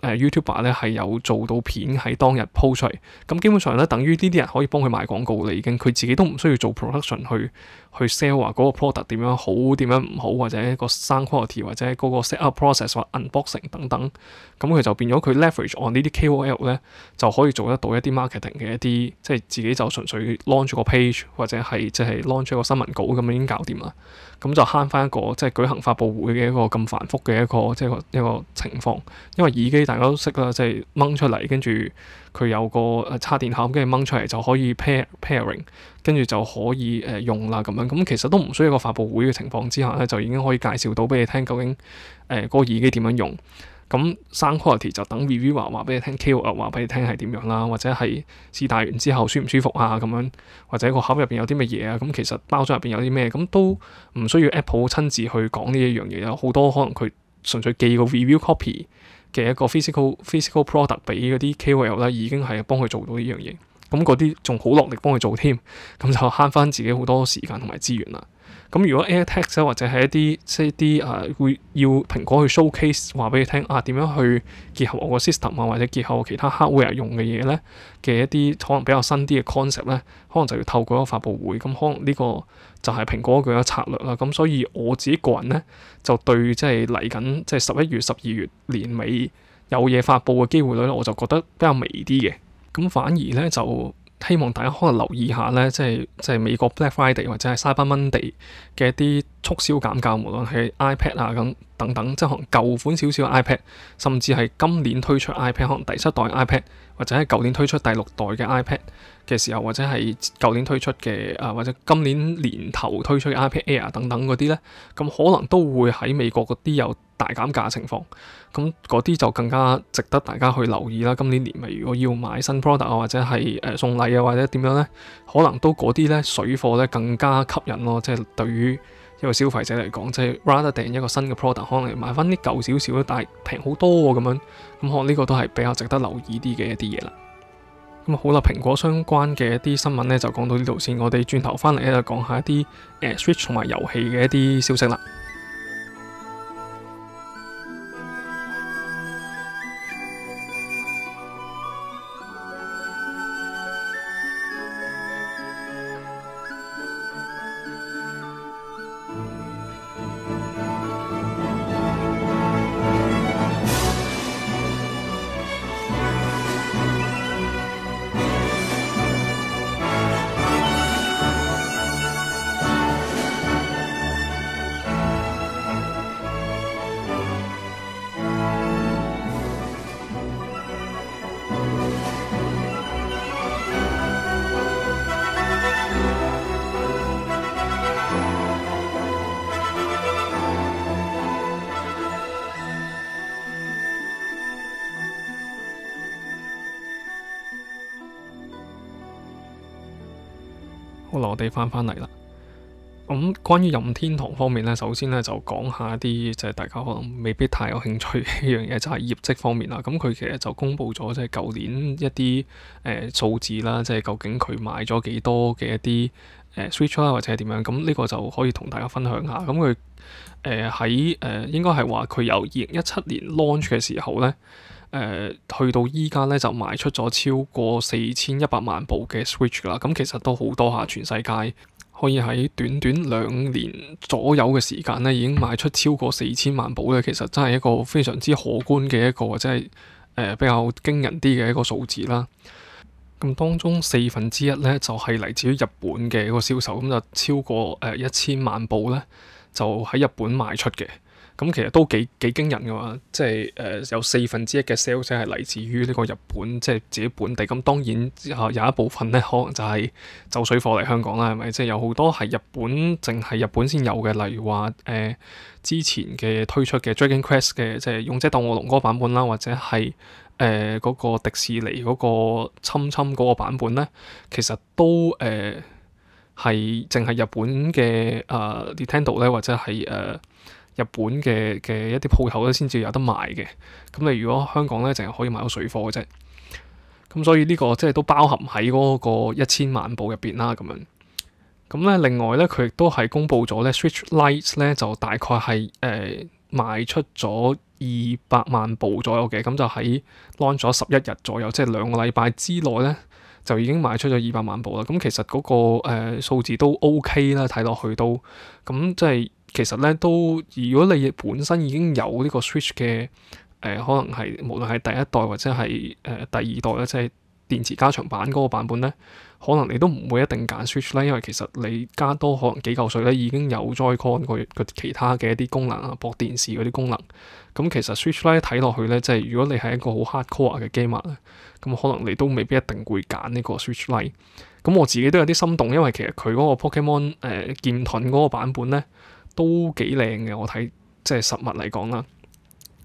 誒、uh, YouTuber 咧係有做到片喺當日 po 出嚟，咁基本上咧等於呢啲人可以幫佢賣廣告嚟，已經佢自己都唔需要做 production 去去 sell 話嗰個 product 點樣好點樣唔好，或者個聲 quality 或者嗰個 set up process 或 unboxing 等等，咁佢就變咗佢 leverage on 呢啲 KOL 咧就可以做得到一啲 marketing 嘅一啲，即係自己就純粹 launch 個 page 或者係即係 launch 一個新聞稿咁樣已經搞掂啦，咁就慳翻一個即係舉行發布會嘅一個咁繁複嘅一個即係一,一個情況，因為耳機。大家都識啦，即係掹出嚟，跟住佢有個誒插電盒，跟住掹出嚟就可以 pair pairing 跟住就可以誒用啦。咁樣咁其實都唔需要個發布會嘅情況之下咧，就已經可以介紹到俾你聽，究竟誒個耳機點樣用，咁 sound quality 就等 review 話話俾你聽，killer 啊話俾你聽係點樣啦，或者係試戴完之後舒唔舒服啊，咁樣或者個盒入邊有啲乜嘢啊，咁其實包裝入邊有啲咩咁都唔需要 Apple 親自去講呢一樣嘢，有好多可能佢純粹寄個 review copy。嘅一個 physical physical product 比嗰啲 KOL 咧，已經係幫佢做到呢樣嘢，咁嗰啲仲好落力幫佢做添，咁就慳翻自己好多時間同埋資源啦。咁如果 AirTags 或者係一啲即係啲啊會要蘋果去 showcase 話俾佢聽啊，點樣去結合我個 system 啊或者結合我其他 hardware 用嘅嘢咧嘅一啲可能比較新啲嘅 concept 咧，可能就要透過一個發布會咁可能呢、呢個。就係蘋果佢嘅策略啦，咁所以我自己個人咧就對就，即係嚟緊即係十一月、十二月年尾有嘢發佈嘅機會率咧，我就覺得比較微啲嘅，咁反而咧就。希望大家可能留意下呢，即係即係美國 Black Friday 或者係 Cyber Monday 嘅一啲促銷減價，無論係 iPad 啊，咁等等，即係可能舊款少少 iPad，甚至係今年推出 iPad 可能第七代 iPad，或者係舊年推出第六代嘅 iPad 嘅時候，或者係舊年推出嘅啊、呃，或者今年年頭推出嘅 iPad Air 等等嗰啲咧，咁可能都會喺美國嗰啲有。大減價情況，咁嗰啲就更加值得大家去留意啦。今年年尾如果要買新 product 啊，或者係誒、呃、送禮啊，或者點樣呢？可能都嗰啲呢水貨呢更加吸引咯。即係對於一個消費者嚟講，即係 rather than 一個新嘅 product，可能買翻啲舊少少，但係平好多喎、啊、咁樣。咁可能呢個都係比較值得留意啲嘅一啲嘢啦。咁好啦，蘋果相關嘅一啲新聞呢，就講到呢度先，我哋轉頭翻嚟咧講下一啲誒、呃、Switch 同埋遊戲嘅一啲消息啦。我哋翻翻嚟啦。咁、嗯、關於任天堂方面咧，首先咧就講下一啲，即、就、係、是、大家可能未必太有興趣嘅一樣嘢，就係、是、業績方面啦。咁、嗯、佢其實就公布咗，即係舊年一啲誒數字啦，即、就、係、是、究竟佢賣咗幾多嘅一啲誒、呃、Switch 啦，或者係點樣咁呢、嗯、這個就可以同大家分享下。咁佢誒喺誒應該係話佢由二零一七年 launch 嘅時候咧。誒、呃、去到依家咧，就賣出咗超過四千一百萬部嘅 Switch 啦，咁其實都好多下，全世界可以喺短短兩年左右嘅時間咧，已經賣出超過四千萬部咧，其實真係一個非常之可觀嘅一個，即係誒、呃、比較驚人啲嘅一個數字啦。咁當中四分之一咧就係、是、嚟自於日本嘅一個銷售，咁就超過誒一千萬部咧，就喺日本賣出嘅。咁其實都幾幾驚人嘅嘛，即係誒、呃、有四分之一嘅 sales 係嚟自於呢個日本，即係自己本地。咁當然之後有一部分咧，可能就係走水貨嚟香港啦，係咪？即係有好多係日本，淨係日本先有嘅，例如話誒、呃、之前嘅推出嘅 Dragon Quest 嘅，即係勇者鬥惡龍嗰個版本啦，或者係誒嗰個迪士尼嗰、嗰個侵侵嗰個版本咧，其實都誒係淨係日本嘅啊、呃、Nintendo 咧，或者係誒。呃日本嘅嘅一啲鋪頭咧，先至有得賣嘅。咁你如果香港咧，淨係可以買到水貨嘅啫。咁所以呢個即係都包含喺嗰個一千萬部入邊啦。咁樣咁咧，另外咧，佢亦都係公布咗咧，Switch Lite 咧就大概係誒、呃、賣出咗二百萬部左右嘅。咁就喺 launch 咗十一日左右，即係兩個禮拜之內咧。就已經賣出咗二百萬部啦，咁其實嗰個誒數字都 OK 啦，睇落去都咁即係其實咧都，如果你本身已經有呢個 Switch 嘅誒，可能係無論係第一代或者係誒第二代咧，即係電池加長版嗰個版本咧，可能你都唔會一定揀 Switch 啦，因為其實你加多可能幾嚿水咧，已經有再 Con 佢佢其他嘅一啲功能啊，駁電視嗰啲功能。咁其實 Switch 咧睇落去咧，即係如果你係一個好 hardcore 嘅 gamer 咧。咁可能你都未必一定會揀呢個 Switch Lite。咁我自己都有啲心動，因為其實佢嗰個 Pokemon 誒、呃、劍盾嗰個版本咧都幾靚嘅。我睇即係實物嚟講啦，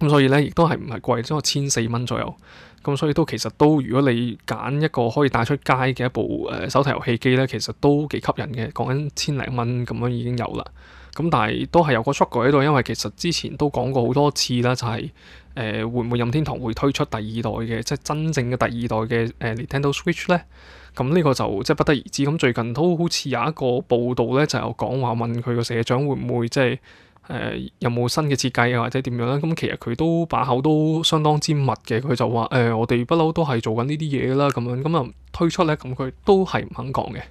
咁所以咧亦都係唔係貴，即係千四蚊左右。咁所以都其實都如果你揀一個可以帶出街嘅一部誒、呃、手提遊戲機咧，其實都幾吸引嘅。講緊千零蚊咁樣已經有啦。咁、嗯、但係都係有個縮句喺度，因為其實之前都講過好多次啦，就係、是、誒、呃、會唔會任天堂會推出第二代嘅，即係真正嘅第二代嘅誒、呃、Nintendo Switch 咧？咁、嗯、呢、這個就即係不得而知。咁最近都好似有一個報道咧，就有講話問佢個社長會唔會即係誒、呃、有冇新嘅設計或者點樣咧？咁、嗯、其實佢都把口都相當之密嘅，佢就話誒、呃、我哋不嬲都係做緊呢啲嘢啦，咁樣咁樣推出咧，咁佢都係唔肯講嘅。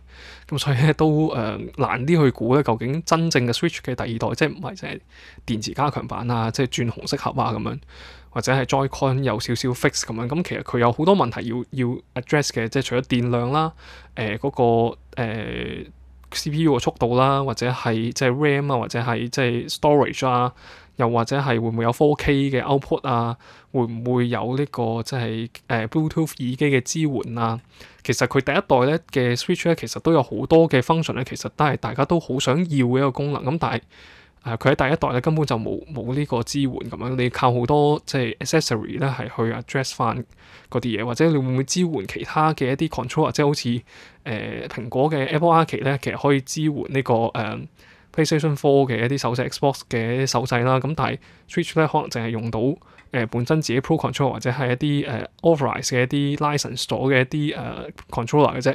咁、嗯、所以咧都誒、呃、難啲去估咧，究竟真正嘅 Switch 嘅第二代，即係唔係淨係電池加強版啊，即係轉紅色盒啊咁樣，或者係 Joy-Con 有少少 fix 咁樣。咁、嗯、其實佢有好多問題要要 address 嘅，即係除咗電量啦，誒、呃、嗰、那個、呃、CPU 嘅速度啦，或者係即係 RAM 啊，或者係即係 storage 啊。又或者係會唔會有 4K 嘅 output 啊？會唔會有呢個即係誒 Bluetooth 耳機嘅支援啊？其實佢第一代咧嘅 Switch 咧，其實都有好多嘅 function 咧，其實都係大家都好想要嘅一個功能。咁但係誒佢喺第一代咧根本就冇冇呢個支援咁樣，你靠好多即係 accessory 咧係去 address 翻嗰啲嘢，或者你會唔會支援其他嘅一啲 control，即係好似誒、呃、蘋果嘅 Apple Arcade 咧，其實可以支援呢個誒？呃 PlayStation Four 嘅一啲手掣，Xbox 嘅手掣啦，咁但係 Switch 咧可能淨係用到誒、呃、本身自己 Pro Controller 或者係一啲誒 Authorize 嘅一啲 license 咗嘅一啲誒、呃、controller 嘅啫。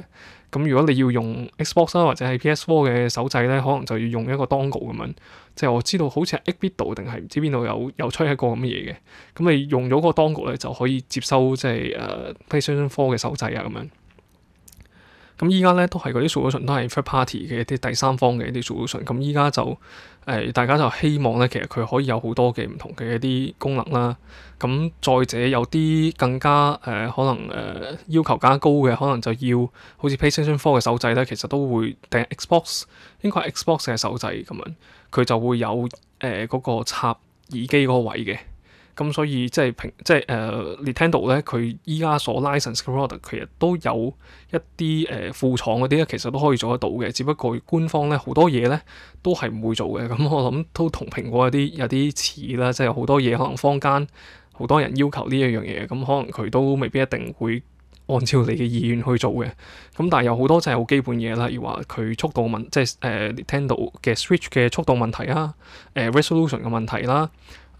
咁、嗯、如果你要用 Xbox 啦、啊、或者係 PS Four 嘅手掣咧，可能就要用一個 dongle 咁樣。即係我知道好似喺 8BitDo 度定係唔知邊度有有出一個咁嘅嘢嘅。咁、嗯、你用咗個 dongle 咧就可以接收即係誒、呃、PlayStation Four 嘅手掣啊咁樣。咁依家咧都係嗰啲 solution 都係 third party 嘅一啲第三方嘅一啲 solution。咁依家就誒，大家就希望咧，其實佢可以有好多嘅唔同嘅一啲功能啦。咁再者，有啲更加誒、呃，可能誒、呃、要求加高嘅，可能就要好似 PlayStation Four 嘅手掣咧，其實都會定 Xbox 應該係 Xbox 嘅手掣咁樣，佢就會有誒嗰、呃、那個插耳機嗰個位嘅。咁、嗯、所以即係平即係誒、呃、Nintendo 咧，佢依家所 license product 其實都有一啲誒、呃、副廠嗰啲咧，其實都可以做得到嘅。只不過官方咧好多嘢咧都係唔會做嘅。咁、嗯、我諗都同蘋果有啲有啲似啦，即係有好多嘢可能坊間好多人要求呢一樣嘢，咁、嗯、可能佢都未必一定會按照你嘅意願去做嘅。咁、嗯、但係有好多就係好基本嘢啦，例如話佢速度問，即係誒、呃、Nintendo 嘅 Switch 嘅速度問題啊，誒、呃、resolution 嘅問題啦。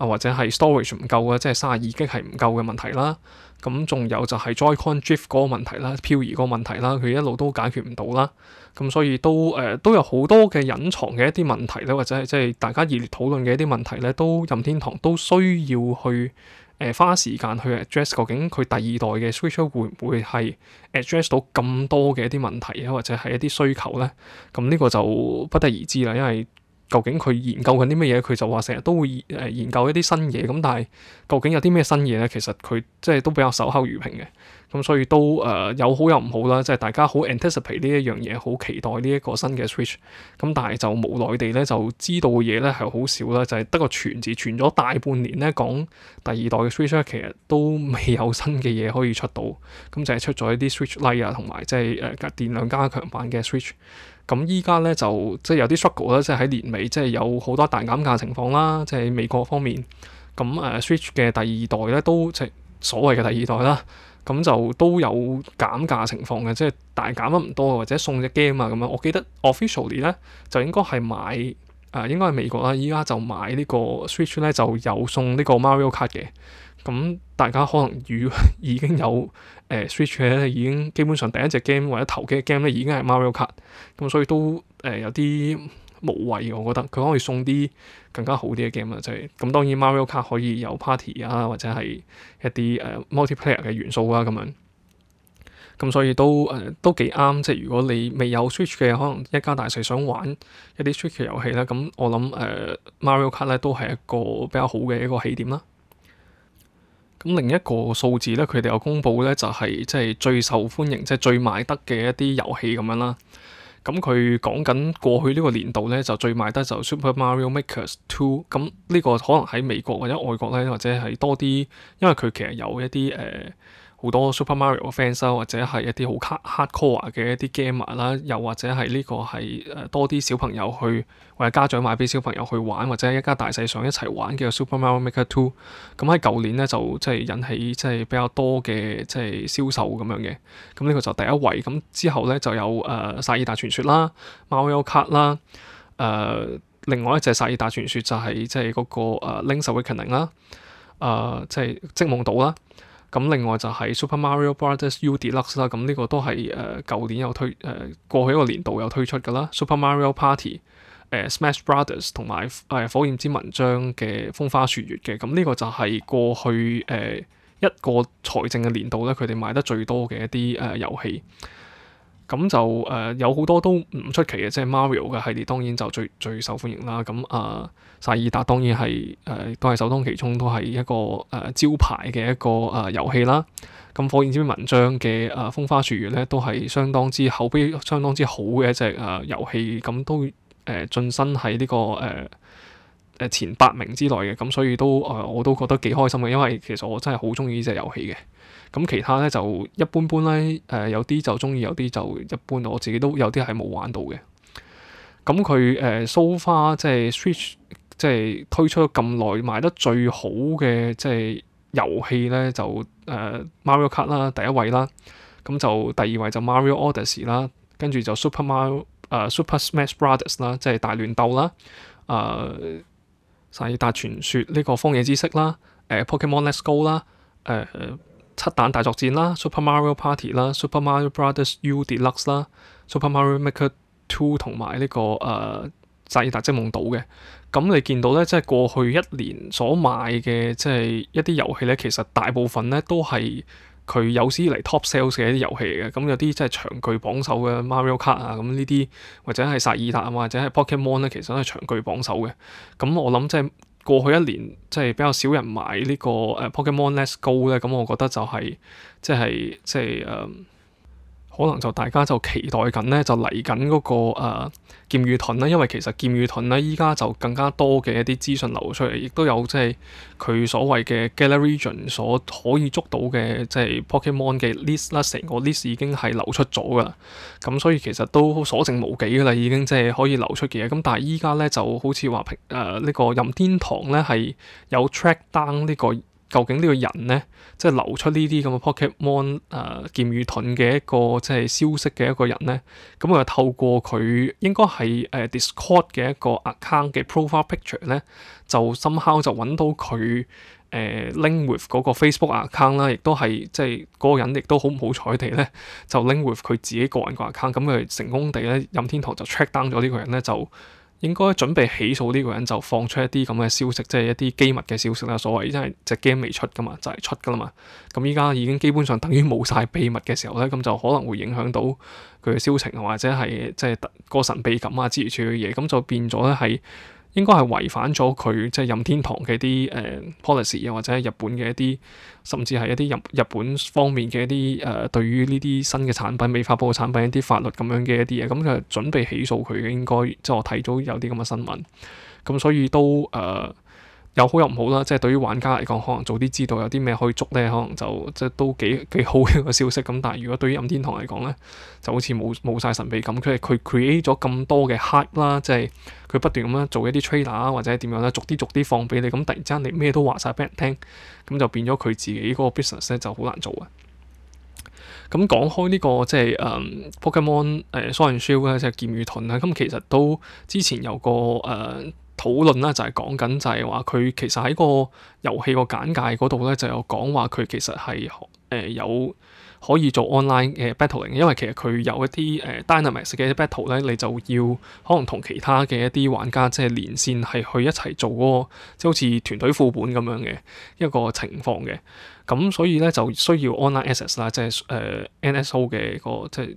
啊，或者係 storage 唔夠啊，即係卅二 G 係唔夠嘅問題啦。咁仲有就係 Joycon drift 嗰個問題啦，漂移嗰個問題啦，佢一路都解決唔到啦。咁所以都誒、呃、都有好多嘅隱藏嘅一啲問題咧，或者係即係大家熱烈討論嘅一啲問題咧，都任天堂都需要去誒、呃、花時間去 address 究竟佢第二代嘅 Switcher 會唔會係 address 到咁多嘅一啲問題啊，或者係一啲需求咧？咁呢個就不得而知啦，因為。究竟佢研究緊啲乜嘢？佢就話成日都會誒研究一啲新嘢，咁但係究竟有啲咩新嘢咧？其實佢即係都比較守口如瓶嘅，咁所以都誒、呃、有好有唔好啦。即係大家好 anticipate 呢一樣嘢，好期待呢一個新嘅 Switch，咁但係就無奈地咧就知道嘅嘢咧係好少啦，就係得個傳字傳咗大半年咧講第二代嘅 Switch，其實都未有新嘅嘢可以出到，咁就係出咗一啲 Switch Lite 啊，同埋即係誒電量加強版嘅 Switch。咁依家咧就即係有啲 struggle 咧，即係喺年尾即係有好多大減價情況啦，即係美國方面。咁誒、呃、Switch 嘅第二代咧都即係所謂嘅第二代啦，咁就都有減價情況嘅，即係大減得唔多，或者送隻 game 啊咁樣。我記得 officially 咧就應該係買誒、呃，應該係美國啦。依家就買個呢個 Switch 咧就有送呢個 Mario Kart 嘅。咁大家可能與已經有誒 Switch 咧，已經基本上第一隻 game 或者頭幾嘅 game 咧，已經係 Mario Kart 咁，所以都誒、呃、有啲無謂。我覺得佢可以送啲更加好啲嘅 game 啊！就係、是、咁，當然 Mario Kart 可以有 party 啊，或者係一啲誒、呃、multiplayer 嘅元素啊，咁樣。咁所以都誒、呃、都幾啱。即係如果你未有 Switch 嘅，可能一家大細想玩一啲 Switch 嘅遊戲咧，咁我諗誒、呃、Mario Kart 咧都係一個比較好嘅一個起點啦。咁另一個數字咧，佢哋有公布咧，就係即係最受歡迎、即係最賣得嘅一啲遊戲咁樣啦。咁佢講緊過去呢個年度咧，就最賣得就 Super Mario Maker 2。咁呢個可能喺美國或者外國咧，或者係多啲，因為佢其實有一啲誒，呃好多 Super Mario fans 啦、啊，或者係一啲好 hard core 嘅一啲 game 啦、啊，又或者係呢個係誒多啲小朋友去或者家長買俾小朋友去玩，或者一家大細想一齊玩嘅 Super Mario Maker Two。咁喺舊年咧就即係引起即係比較多嘅即係銷售咁樣嘅。咁呢個就第一位。咁之後咧就有誒《薩、呃、爾達傳說》啦，《Mario Kart》啦。誒、呃，另外一隻《薩爾達傳說》就係即係嗰個誒《Link’s Awakening》啦。誒，即係《織夢島》啦。咁另外就係 Super Mario Brothers U Deluxe 啦，咁呢個都係誒舊年有推誒、呃、過去一個年度有推出嘅啦。Super Mario Party、呃、誒 Smash Brothers 同埋誒火焰之紋章嘅風花雪月嘅，咁呢個就係過去誒、呃、一個財政嘅年度咧，佢哋賣得最多嘅一啲誒、呃、遊戲。咁就誒、呃、有好多都唔出奇嘅，即係 Mario 嘅系列當然就最最受歡迎啦。咁啊，薩爾達當然係誒、呃、都係首當其衝，都係一個誒、呃、招牌嘅一個啊遊戲啦。咁《火焰之紋章》嘅誒、呃《風花雪月》咧都係相當之口碑相當之好嘅一隻啊遊戲，咁、呃、都誒晉、呃、身喺呢、這個誒誒、呃、前八名之內嘅，咁所以都誒、呃、我都覺得幾開心嘅，因為其實我真係好中意呢隻遊戲嘅。咁其他咧就一般般啦，誒有啲就中意，有啲就，就一般。我自己都有啲係冇玩到嘅。咁佢誒 so far 即係 Switch 即係推出咗咁耐，賣得最好嘅即係遊戲咧就誒、呃、Mario Kart 啦，第一位啦。咁就第二位就 Mario Odyssey 啦，跟住就 Super Mario 誒、呃、Super Smash Brothers 啦，即、呃、係大亂鬥啦。誒《薩爾達傳說》呢個荒野之息啦，誒、呃、Pokemon Let's Go 啦、呃，誒。漆彈大作戰啦，Super Mario Party 啦，Super Mario Brothers U Deluxe 啦，Super Mario Maker 2，同埋呢個誒、呃、薩爾達織夢島嘅，咁你見到咧，即係過去一年所賣嘅即係一啲遊戲咧，其實大部分咧都係佢有史以嚟 top sales 嘅一啲遊戲嘅，咁有啲即係長據榜首嘅 Mario Kart 啊，咁呢啲或者係薩爾達啊，或者係 Pokémon 咧，其實都係長據榜首嘅，咁我諗即係。過去一年即係比較少人買呢、這個、呃、Pokemon Less GoPokemon Let's Go 咧，咁我覺得就係、是，即係，即係。誒、um。可能就大家就期待緊咧，就嚟緊嗰個誒、呃、劍魚盾啦，因為其實劍魚盾咧依家就更加多嘅一啲資訊流出嚟，亦都有即係佢所謂嘅 Galar Region 所可以捉到嘅即係 Pokemon 嘅 List 啦，成個 List 已經係流出咗噶啦。咁所以其實都所剩無幾噶啦，已經即係可以流出嘅嘢，咁但係依家咧就好似話誒呢個任天堂咧係有 track down 呢個。究竟呢個人呢？即係流出呢啲咁嘅 Pokémon 誒劍與盾嘅一個即係消息嘅一個人呢？咁佢透過佢應該係誒、呃、Discord 嘅一個 account 嘅 profile picture 呢，就 somehow 就揾到佢誒、呃、link with 嗰個 Facebook account 啦、啊，亦都係即係嗰個人亦都好唔好彩地呢，就 link with 佢自己個人個 account，咁佢成功地呢，任天堂就 track down 咗呢個人呢，就。應該準備起訴呢個人就放出一啲咁嘅消息，即係一啲機密嘅消息啦。所謂即係隻 game 未出㗎嘛，就係出㗎啦嘛。咁依家已經基本上等於冇晒秘密嘅時候咧，咁就可能會影響到佢嘅銷情，或者係即係個神秘感啊之類處嘅嘢，咁就變咗咧係。應該係違反咗佢即係任天堂嘅啲誒 policy，又或者係日本嘅一啲，甚至係一啲日日本方面嘅一啲誒，uh, 對於呢啲新嘅產品、未發布嘅產品一啲法律咁樣嘅一啲嘢，咁、嗯、佢、係、準備起訴佢嘅，應該即係我睇到有啲咁嘅新聞，咁所以都誒。Uh, 有好有唔好啦，即係對於玩家嚟講，可能早啲知道有啲咩可以捉呢，可能就即係都幾幾好嘅一個消息。咁但係如果對於任天堂嚟講呢，就好似冇冇晒神秘感，佢係佢 create 咗咁多嘅 hype 啦，即係佢不斷咁樣做一啲 trailer 啊或者點樣呢，逐啲逐啲放俾你，咁突然之間你咩都話晒畀人聽，咁就變咗佢自己嗰個 business 呢就好難做啊。咁講開呢個即係 Pokemon 誒 Sword and Shield 咧，即係劍與盾啊。咁其實都之前有個誒。Uh, 討論啦，就係講緊就係話佢其實喺個遊戲個簡介嗰度咧，就有講話佢其實係誒有可以做 online 嘅 battling，因為其實佢有一啲誒 dynamics 嘅 battle 咧，你就要可能同其他嘅一啲玩家即係、就是、連線係去一齊做嗰、那個即係、就是、好似團隊副本咁樣嘅一個情況嘅，咁所以咧就需要 online access 啦、SO 那個，即係誒 NSO 嘅個即係。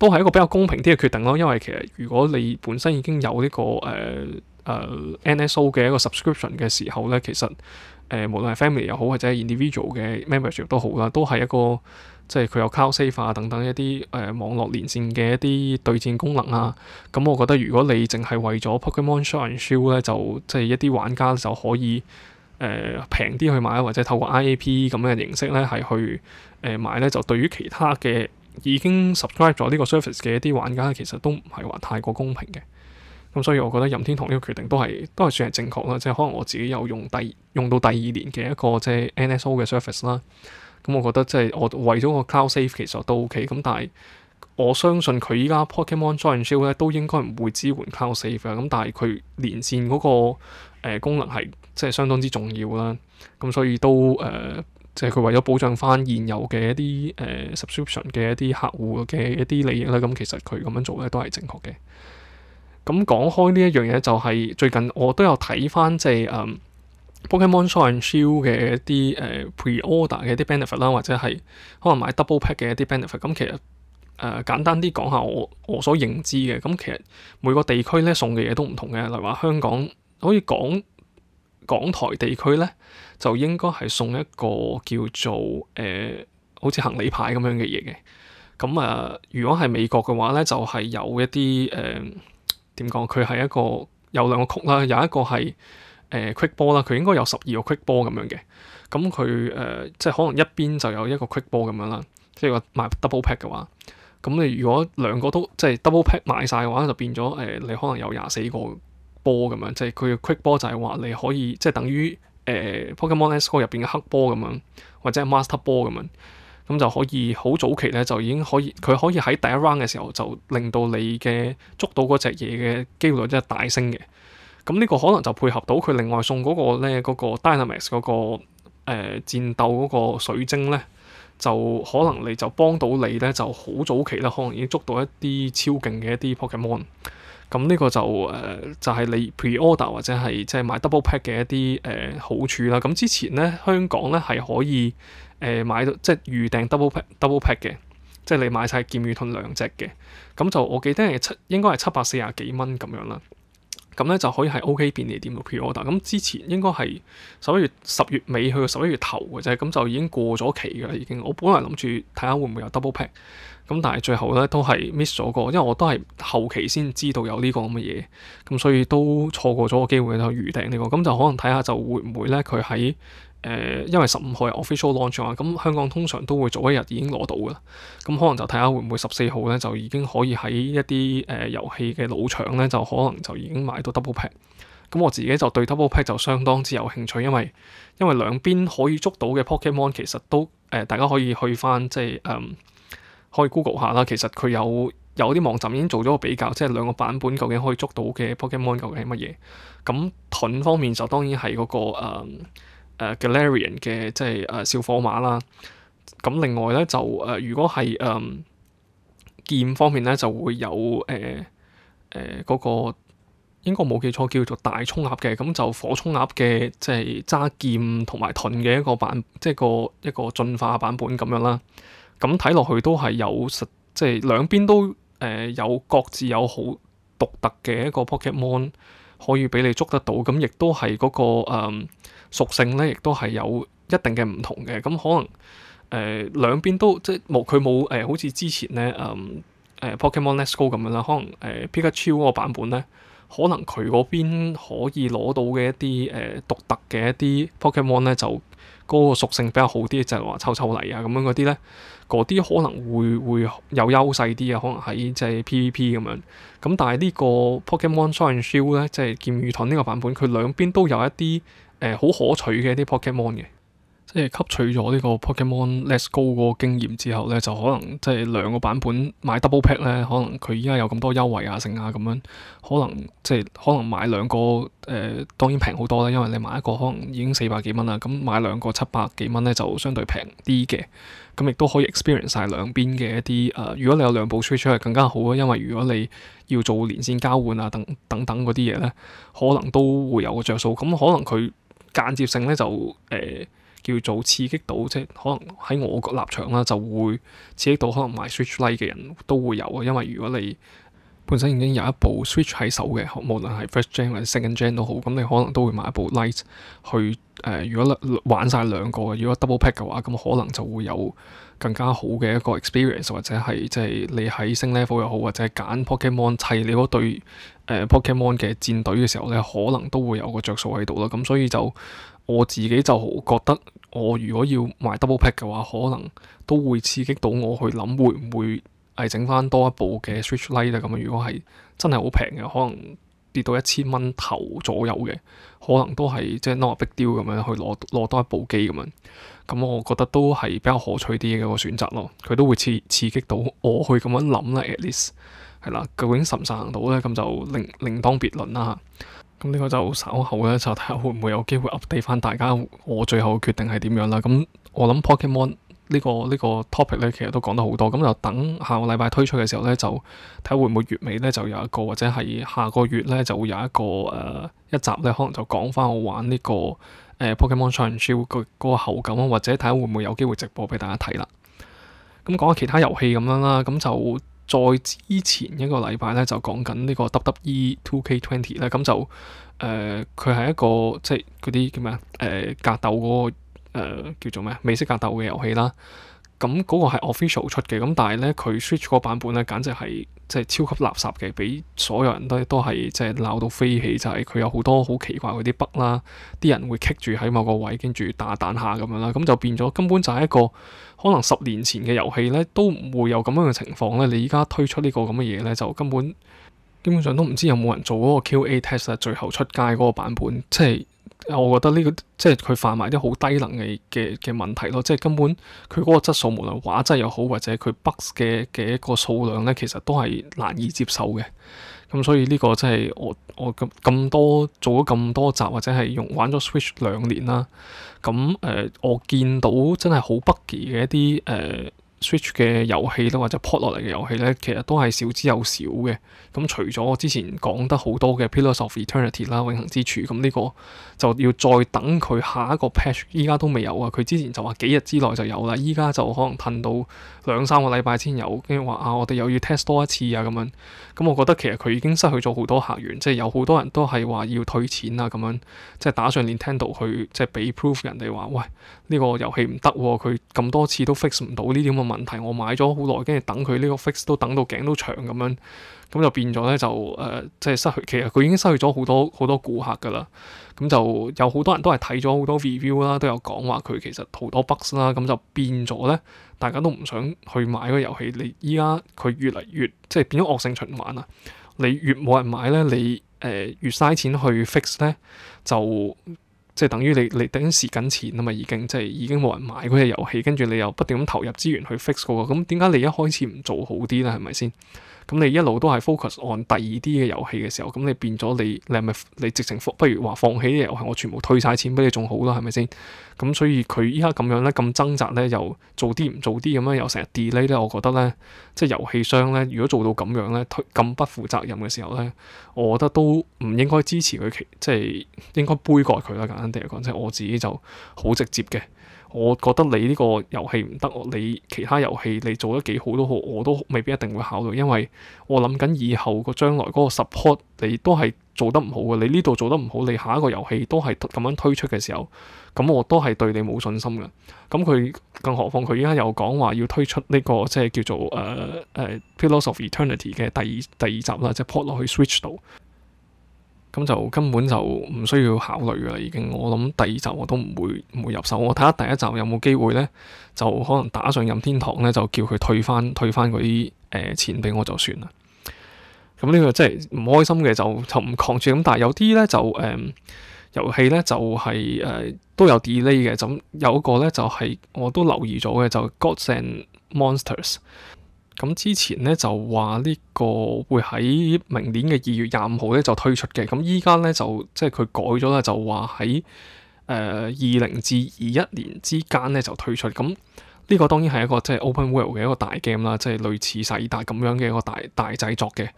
都係一個比較公平啲嘅決定咯，因為其實如果你本身已經有呢、這個誒誒、呃呃、NSO 嘅一個 subscription 嘅時候呢，其實誒、呃、無論係 family 又好，或者係 individual 嘅 membership 都好啦，都係一個即係佢有 cloud save、啊、等等一啲誒、呃、網絡連線嘅一啲對戰功能啊。咁、嗯、我覺得如果你淨係為咗 Pokemon Sword and Shield 咧，就即係一啲玩家就可以誒平啲去買，或者透過 IAP 咁嘅形式、呃、呢，係去誒買呢就對於其他嘅已經 subscribe 咗呢個 service 嘅一啲玩家其實都唔係話太過公平嘅，咁所以我覺得任天堂呢個決定都係都係算係正確啦。即係可能我自己有用第用到第二年嘅一個即係 NSO 嘅 service 啦，咁我覺得即係我為咗個 cloud save 其實都 OK。咁但係我相信佢依家 Pokémon Sword Shield 咧都應該唔會支援 cloud save 啊。咁但係佢連線嗰、那個、呃、功能係即係相當之重要啦。咁所以都誒。呃就係佢為咗保障翻現有嘅一啲誒、呃、subscription 嘅一啲客戶嘅一啲利益咧，咁、嗯、其實佢咁樣做咧都係正確嘅。咁、嗯、講開呢一樣嘢、就是，就係最近我都有睇翻即係誒 Pokemon Sword and Shield 嘅一啲誒、呃、pre-order 嘅一啲 benefit 啦，或者係可能買 double pack 嘅一啲 benefit、嗯。咁其實誒、呃、簡單啲講下我我所認知嘅，咁、嗯、其實每個地區咧送嘅嘢都唔同嘅。例如話香港，可以講港港台地區咧。就應該係送一個叫做誒、呃，好似行李牌咁樣嘅嘢嘅。咁啊、呃，如果係美國嘅話咧，就係、是、有一啲誒點講，佢、呃、係一個有兩個曲啦，有一個係誒、呃、Quick 波啦，佢應該有十二個 Quick 波咁樣嘅。咁佢誒即係可能一邊就有一個 Quick 波咁樣啦。即係話買 Double Pack 嘅話，咁你如果兩個都即係 Double Pack 買晒嘅話，就變咗誒、呃，你可能有廿四個波咁樣。即係佢嘅 Quick 波就係話你可以即係等於。誒、呃、Pokemon S 哥入邊嘅黑波咁樣，或者 Master 波咁樣，咁就可以好早期咧就已經可以，佢可以喺第一 round 嘅時候就令到你嘅捉到嗰隻嘢嘅機率真係大升嘅。咁呢個可能就配合到佢另外送嗰個咧嗰、那個 Dynamax 嗰、那個誒、呃、戰鬥嗰個水晶咧，就可能你就幫到你咧，就好早期咧可能已經捉到一啲超勁嘅一啲 Pokemon。咁呢個就誒、呃、就係、是、你 pre-order 或者係即係買 double pack 嘅一啲誒、呃、好處啦。咁之前咧香港咧係可以誒、呃、買到即係預訂 double pack double pack 嘅，即係你買晒劍與盾兩隻嘅。咁就我記得係七應該係七百四廿幾蚊咁樣啦。咁咧就可以係 OK 便利店嘅 pre-order。咁之前應該係十一月十月尾去到十一月頭嘅啫，咁、就是、就已經過咗期㗎啦。已經我本來諗住睇下會唔會有 double pack。咁但係最後咧都係 miss 咗個，因為我都係後期先知道有呢個咁嘅嘢，咁所以都錯過咗個機會啦，預訂呢個。咁就可能睇下就會唔會咧，佢喺誒，因為十五號有 official launch 啊，咁香港通常都會早一日已經攞到噶啦。咁可能就睇下會唔會十四號咧就已經可以喺一啲誒、呃、遊戲嘅老場咧就可能就已經買到 double pack。咁我自己就對 double pack 就相當之有興趣，因為因為兩邊可以捉到嘅 Pokemon、ok、其實都誒、呃、大家可以去翻即係嗯。可以 Google 下啦，其實佢有有啲網站已經做咗個比較，即係兩個版本究竟可以捉到嘅 Pokemon 究竟係乜嘢。咁盾方面就當然係嗰、那個誒、uh, uh, Galarian 嘅即係誒小火馬啦。咁另外咧就誒、uh, 如果係誒、um, 劍方面咧就會有誒誒嗰個應該冇記錯叫做大蔥鴨嘅，咁就火沖鴨嘅即係揸劍同埋盾嘅一個版，即係個一個進化版本咁樣啦。咁睇落去都係有實，即係兩邊都誒有各自有好獨特嘅一個 Pokemon、ok、可以俾你捉得到，咁亦都係嗰個誒屬、嗯、性咧，亦都係有一定嘅唔同嘅。咁可能誒兩邊都即係冇佢冇誒，好似之前咧誒、嗯呃、Pokemon Let's Go 咁樣啦。可能誒、呃、Pikachu 嗰個版本咧，可能佢嗰邊可以攞到嘅一啲誒獨特嘅一啲 Pokemon、ok、咧就。嗰個屬性比較好啲，就係話臭臭泥啊咁樣嗰啲咧，嗰啲可能會會有優勢啲啊，可能喺即係、就是、PVP 咁樣。咁但係呢個 Pokémon Sword and Shield 咧，即係劍與盾呢個版本，佢兩邊都有一啲誒好可取嘅一啲 Pokémon 嘅。即係吸取咗呢個 Pokemon、ok、Let's Go 嗰個經驗之後咧，就可能即係兩個版本買 Double Pack 咧，可能佢依家有咁多優惠啊，剩啊咁樣，可能即係可能買兩個誒、呃，當然平好多啦，因為你買一個可能已經四百幾蚊啦，咁買兩個七百幾蚊咧就相對平啲嘅，咁亦都可以 experience 晒兩邊嘅一啲誒、呃。如果你有兩部 Switch 係更加好啊，因為如果你要做連線交換啊，等等等嗰啲嘢咧，可能都會有個着數。咁可能佢間接性咧就誒。呃叫做刺激到，即係可能喺我個立場啦、啊，就會刺激到可能買 Switch Lite 嘅人都會有啊。因為如果你本身已經有一部 Switch 喺手嘅，無論係 First Gen 或者 Second Gen 都好，咁你可能都會買一部 Lite 去誒、呃。如果玩晒兩個，如果 double pack 嘅話，咁可能就會有更加好嘅一個 experience，或者係即係你喺升 level 又好，或者揀、呃、Pokemon 砌你嗰對 Pokemon 嘅戰隊嘅時候咧，你可能都會有個着數喺度啦。咁所以就。我自己就覺得，我如果要買 double pack 嘅話，可能都會刺激到我去諗，會唔會係整翻多一部嘅 switch lite 咧？咁啊，如果係真係好平嘅，可能跌到一千蚊頭左右嘅，可能都係即係 no 逼雕咁樣去攞攞多一部機咁樣。咁我覺得都係比較可取啲嘅一個選擇咯。佢都會刺刺激到我去咁樣諗啦。At least 係啦，究竟實唔實行到咧？咁就另另當別論啦。咁呢個就稍後咧，就睇下會唔會有機會 update 翻大家，我最後決定係點樣啦。咁我諗 Pokemon 呢、呢個呢、呢個 topic 咧，其實都講得好多。咁就等下個禮拜推出嘅時候咧，就睇下會唔會月尾咧就有一個，或者係下個月咧就會有一個誒、呃、一集咧，可能就講翻我玩呢、呢個誒、呃、Pokemon Challenge 嗰嗰個口感啊，或者睇下會唔會有機會直播俾大家睇啦。咁講下其他遊戲咁樣啦，咁就。再之前一個禮拜咧，就講緊呢個 WWE 2K20 咧，咁就誒，佢係一個即係嗰啲叫咩啊？誒格鬥嗰、那個、呃、叫做咩啊美式格鬥嘅遊戲啦。咁嗰個係 official 出嘅，咁但係咧佢 Switch 嗰版本咧，簡直係即係超級垃圾嘅，俾所有人都都係即係鬧到飛起，就係、是、佢有好多好奇怪嗰啲 bug 啦，啲人會棘住喺某個位，跟住打彈下咁樣啦，咁就變咗根本就係一個。可能十年前嘅遊戲咧都唔會有咁樣嘅情況咧，你依家推出呢個咁嘅嘢咧，就根本基本上都唔知有冇人做嗰個 QA test，最後出街嗰個版本，即係我覺得呢個即係佢犯埋啲好低能嘅嘅嘅問題咯，即係根本佢嗰個質素無論畫質又好，或者佢 bugs 嘅嘅一個數量咧，其實都係難以接受嘅。咁所以呢個真係我我咁咁多做咗咁多集，或者係用玩咗 Switch 兩年啦。咁誒、呃，我見到真係好北極嘅一啲誒。呃 Switch 嘅遊戲咧，或者 port 落嚟嘅遊戲咧，其實都係少之又少嘅。咁、嗯、除咗我之前講得好多嘅《Pillars of Eternity》啦，《永恆之柱》嗯，咁、這、呢個就要再等佢下一個 patch，依家都未有啊。佢之前就話幾日之內就有啦，依家就可能褪到兩三個禮拜先有，跟住話啊，我哋又要 test 多一次啊咁樣。咁、嗯、我覺得其實佢已經失去咗好多客源，即係有好多人都係話要退錢啊咁樣，即係打上 Nintendo 去即係俾 proof 人哋話，喂呢、這個遊戲唔得，佢咁多次都 fix 唔到呢啲咁嘅。問題我買咗好耐，跟住等佢呢個 fix 都等到頸都長咁樣，咁就變咗咧就誒、呃，即係失去。其實佢已經失去咗好多好多顧客㗎啦。咁就有好多人都係睇咗好多 review 啦，都有講話佢其實好多 bugs 啦。咁就變咗咧，大家都唔想去買嗰個遊戲。你依家佢越嚟越即係變咗惡性循環喇！你越冇人買咧，你誒、呃、越嘥錢去 fix 咧，就。即係等於你你等緊蝕緊錢啊嘛，已經即係已經冇人買嗰隻遊戲，跟住你又不斷咁投入資源去 fix 個、嗰個，咁點解你一開始唔做好啲咧？係咪先？咁你一路都係 focus on 第二啲嘅遊戲嘅時候，咁你變咗你你係咪你直情不如話放棄啲嘢，我係我全部退晒錢俾你仲好啦，係咪先？咁所以佢依家咁樣咧，咁掙扎咧，又做啲唔做啲咁咧，又成日 delay 咧，我覺得咧，即係遊戲商咧，如果做到咁樣咧，咁不負責任嘅時候咧，我覺得都唔應該支持佢，即係應該杯葛佢啦。簡單啲嚟講，即係我自己就好直接嘅。我覺得你呢個遊戲唔得，你其他遊戲你做得幾好都好，我都未必一定會考慮，因為我諗緊以後個將來嗰個 support 你都係做得唔好嘅，你呢度做得唔好，你下一個遊戲都係咁樣推出嘅時候，咁我都係對你冇信心嘅。咁佢更何況佢依家又講話要推出呢個即係叫做誒、uh，誒、uh，Philosophy Eternity 嘅第二第二集啦，即係 port 落去 Switch 度。咁就根本就唔需要考慮嘅啦，已經。我諗第二集我都唔會唔會入手，我睇下第一集有冇機會呢？就可能打上任天堂呢，就叫佢退翻退翻啲誒錢俾我就算啦。咁呢、這個即係唔開心嘅就就唔抗拒，咁但係有啲呢，就誒遊戲呢，就係、是、誒、呃、都有 delay 嘅，就有一個咧就係、是、我都留意咗嘅，就是、Gods and Monsters。咁之前咧就話呢個會喺明年嘅二月廿五號咧就推出嘅，咁依家咧就即係佢改咗咧就話喺誒二零至二一年之間咧就推出，咁呢個當然係一個即係、就是、open world 嘅一個大 game 啦，即、就、係、是、類似《薩爾達》咁樣嘅一個大大製作嘅，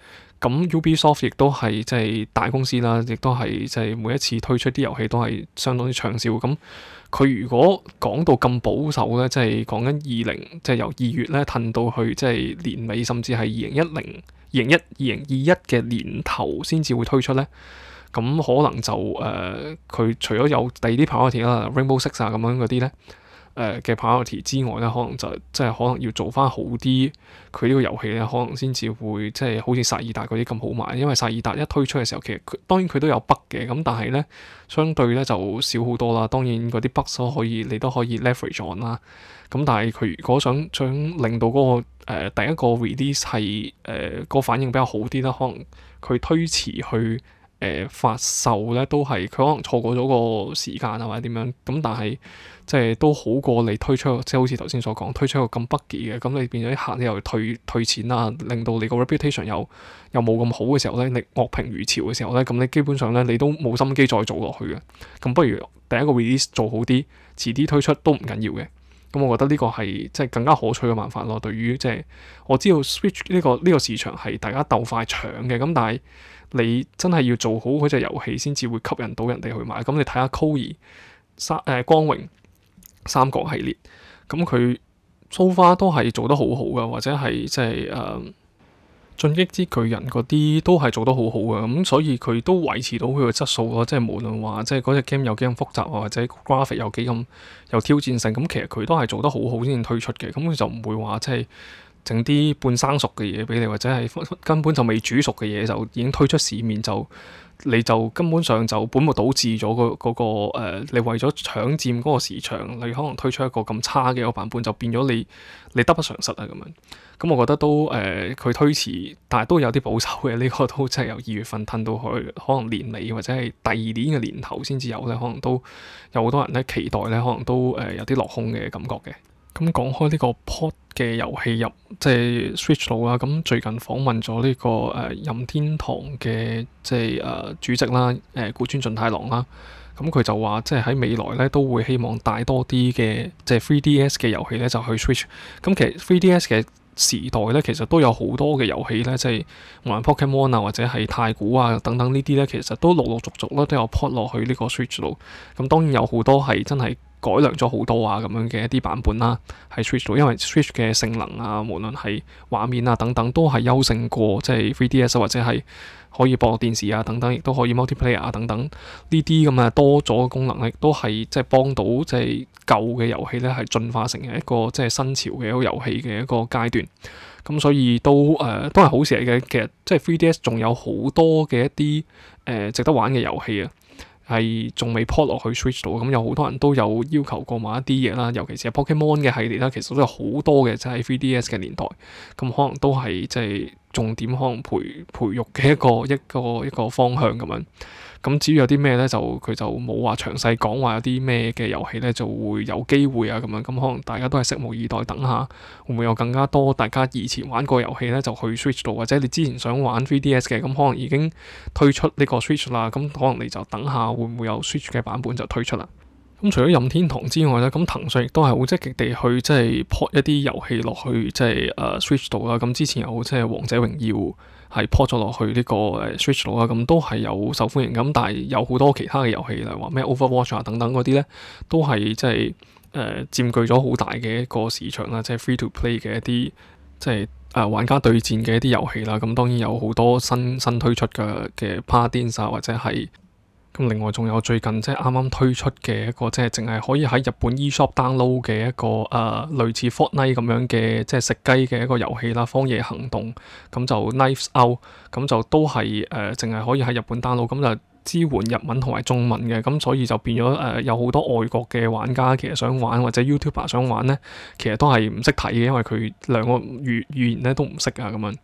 咁 Ubisoft 亦都係即、就、係、是、大公司啦，亦都係即係每一次推出啲遊戲都係相當之長兆咁。佢如果講到咁保守咧，即係講緊二零，即係由二月咧，褪到去即係年尾，甚至係二零一零、二零一二、二零二一嘅年頭先至會推出咧，咁可能就誒，佢、呃、除咗有第二啲 project 啦，Rainbow Six 啊咁樣嗰啲咧。誒嘅、呃、priority 之外咧，可能就即係可能要做翻好啲，佢呢個遊戲咧可能先至會即係好似薩爾達嗰啲咁好賣，因為薩爾達一推出嘅時候，其實佢當然佢都有 bug 嘅，咁但係咧相對咧就少好多啦。當然嗰啲 bug 所可以你都可以 leverage on 啦。咁但係佢如果想想令到嗰、嗰個、呃、第一個 release 係誒個反應比較好啲啦，可能佢推遲去，誒、呃、發售咧都係佢可能錯過咗個時間啊或者點樣咁，但係即係都好過你推出，即、就、係、是、好似頭先所講推出一個咁 buggy 嘅，咁、嗯、你變咗啲客你又退退錢啦、啊，令到你個 reputation 又又冇咁好嘅時候咧，你惡評如潮嘅時候咧，咁、嗯、你基本上咧你都冇心機再做落去嘅，咁、嗯、不如第一個 release 做好啲，遲啲推出都唔緊要嘅，咁、嗯、我覺得呢個係即係更加可取嘅辦法咯。對於即係我知道 Switch 呢、這個呢、這個這個市場係大家鬥快搶嘅，咁但係。但你真係要做好嗰隻遊戲先至會吸引到人哋去買。咁你睇下《Koei 三誒《光榮》三國系列，咁佢 so far 都係做得好好㗎，或者係即係誒《進擊之巨人》嗰啲都係做得好好㗎。咁所以佢都維持到佢個質素咯，即係無論話即係嗰隻 game 有幾咁複雜，或者 graphic 有幾咁有挑戰性，咁其實佢都係做得好好先推出嘅。咁佢就唔會話即係。整啲半生熟嘅嘢俾你，或者係根本就未煮熟嘅嘢就已經推出市面，就你就根本上就本末倒置咗，嗰個嗰、嗰個、呃、你為咗搶佔嗰個市場，你可能推出一個咁差嘅一個版本，就變咗你你得不償失啊，咁樣。咁、嗯、我覺得都誒、佢、呃、推遲，但係都有啲保守嘅呢、呢個都即係由二月份褪到去可能年尾，或者係第二年嘅年頭先至有咧，可能都有好多人咧期待咧，可能都誒、呃、有啲落空嘅感覺嘅。咁講開呢個 Pod 嘅遊戲入，即係 Switch 度啦。咁最近訪問咗呢、這個誒、呃、任天堂嘅即係誒、呃、主席啦，誒、呃、古川俊太郎啦。咁、嗯、佢就話，即係喺未來咧都會希望帶多啲嘅即係 3DS 嘅遊戲咧，就去 Switch、嗯。咁其實 3DS 嘅時代咧，其實都有好多嘅遊戲咧，即係無論 Pokemon 啊，或者係太古啊等等呢啲咧，其實都陸陸續續咧都有 port 落去呢個 Switch 度。咁當然有好多係真係改良咗好多啊咁樣嘅一啲版本啦、啊，喺 Switch 度，因為 Switch 嘅性能啊，無論係畫面啊等等，都係優勝過即係 3DS 或者係，可以播電視啊，等等，亦都可以 multiplayer 啊，等等，呢啲咁嘅多咗嘅功能咧，都係即係幫到即係舊嘅遊戲咧，係進化成一個即係新潮嘅一個遊戲嘅一個階段。咁所以都誒、呃、都係好事嚟嘅。其實即係 3DS 仲有好多嘅一啲誒、呃、值得玩嘅遊戲啊，係仲未 port 落去 Switch 度。咁有好多人都有要求過某一啲嘢啦，尤其是 Pokemon 嘅系列啦，其實都有好多嘅即係、就係、3DS 嘅年代，咁可能都係即係。重點可能培培育嘅一個一個一個方向咁樣，咁至於有啲咩呢？就佢就冇話詳細講話有啲咩嘅遊戲呢就會有機會啊咁樣，咁可能大家都係拭目以待等，等下會唔會有更加多大家以前玩過遊戲呢？就去 Switch 度，或者你之前想玩 3DS 嘅咁，可能已經推出呢個 Switch 啦，咁可能你就等下會唔會有 Switch 嘅版本就推出啦。咁、嗯、除咗任天堂之外咧，咁、嗯、騰訊亦都係好積極地去即係 port 一啲遊戲落去即係誒 Switch 度啦。咁、呃、之前有即係《王者榮耀》係 port 咗落去呢、呢個誒 Switch 度啦，咁、呃、都係有受歡迎。咁但係有好多其他嘅遊戲，例如話咩《Overwatch》啊等等嗰啲咧，都係即係誒佔據咗好大嘅一個市場啦，即係 free to play 嘅一啲即係誒、呃、玩家對戰嘅一啲遊戲啦。咁、嗯、當然有好多新新推出嘅嘅《Paladins》啊或者係。咁另外仲有最近即係啱啱推出嘅一個即係淨係可以喺日本 eShop download 嘅一個誒、呃、類似 Fortnite 咁樣嘅即係食雞嘅一個遊戲啦，《荒野行動》咁就 Knives Out，咁就都係誒淨係可以喺日本 download，咁就支援日文同埋中文嘅，咁所以就變咗誒、呃、有好多外國嘅玩家其實想玩或者 YouTuber 想玩咧，其實都係唔識睇嘅，因為佢兩個語語言咧都唔識啊咁樣。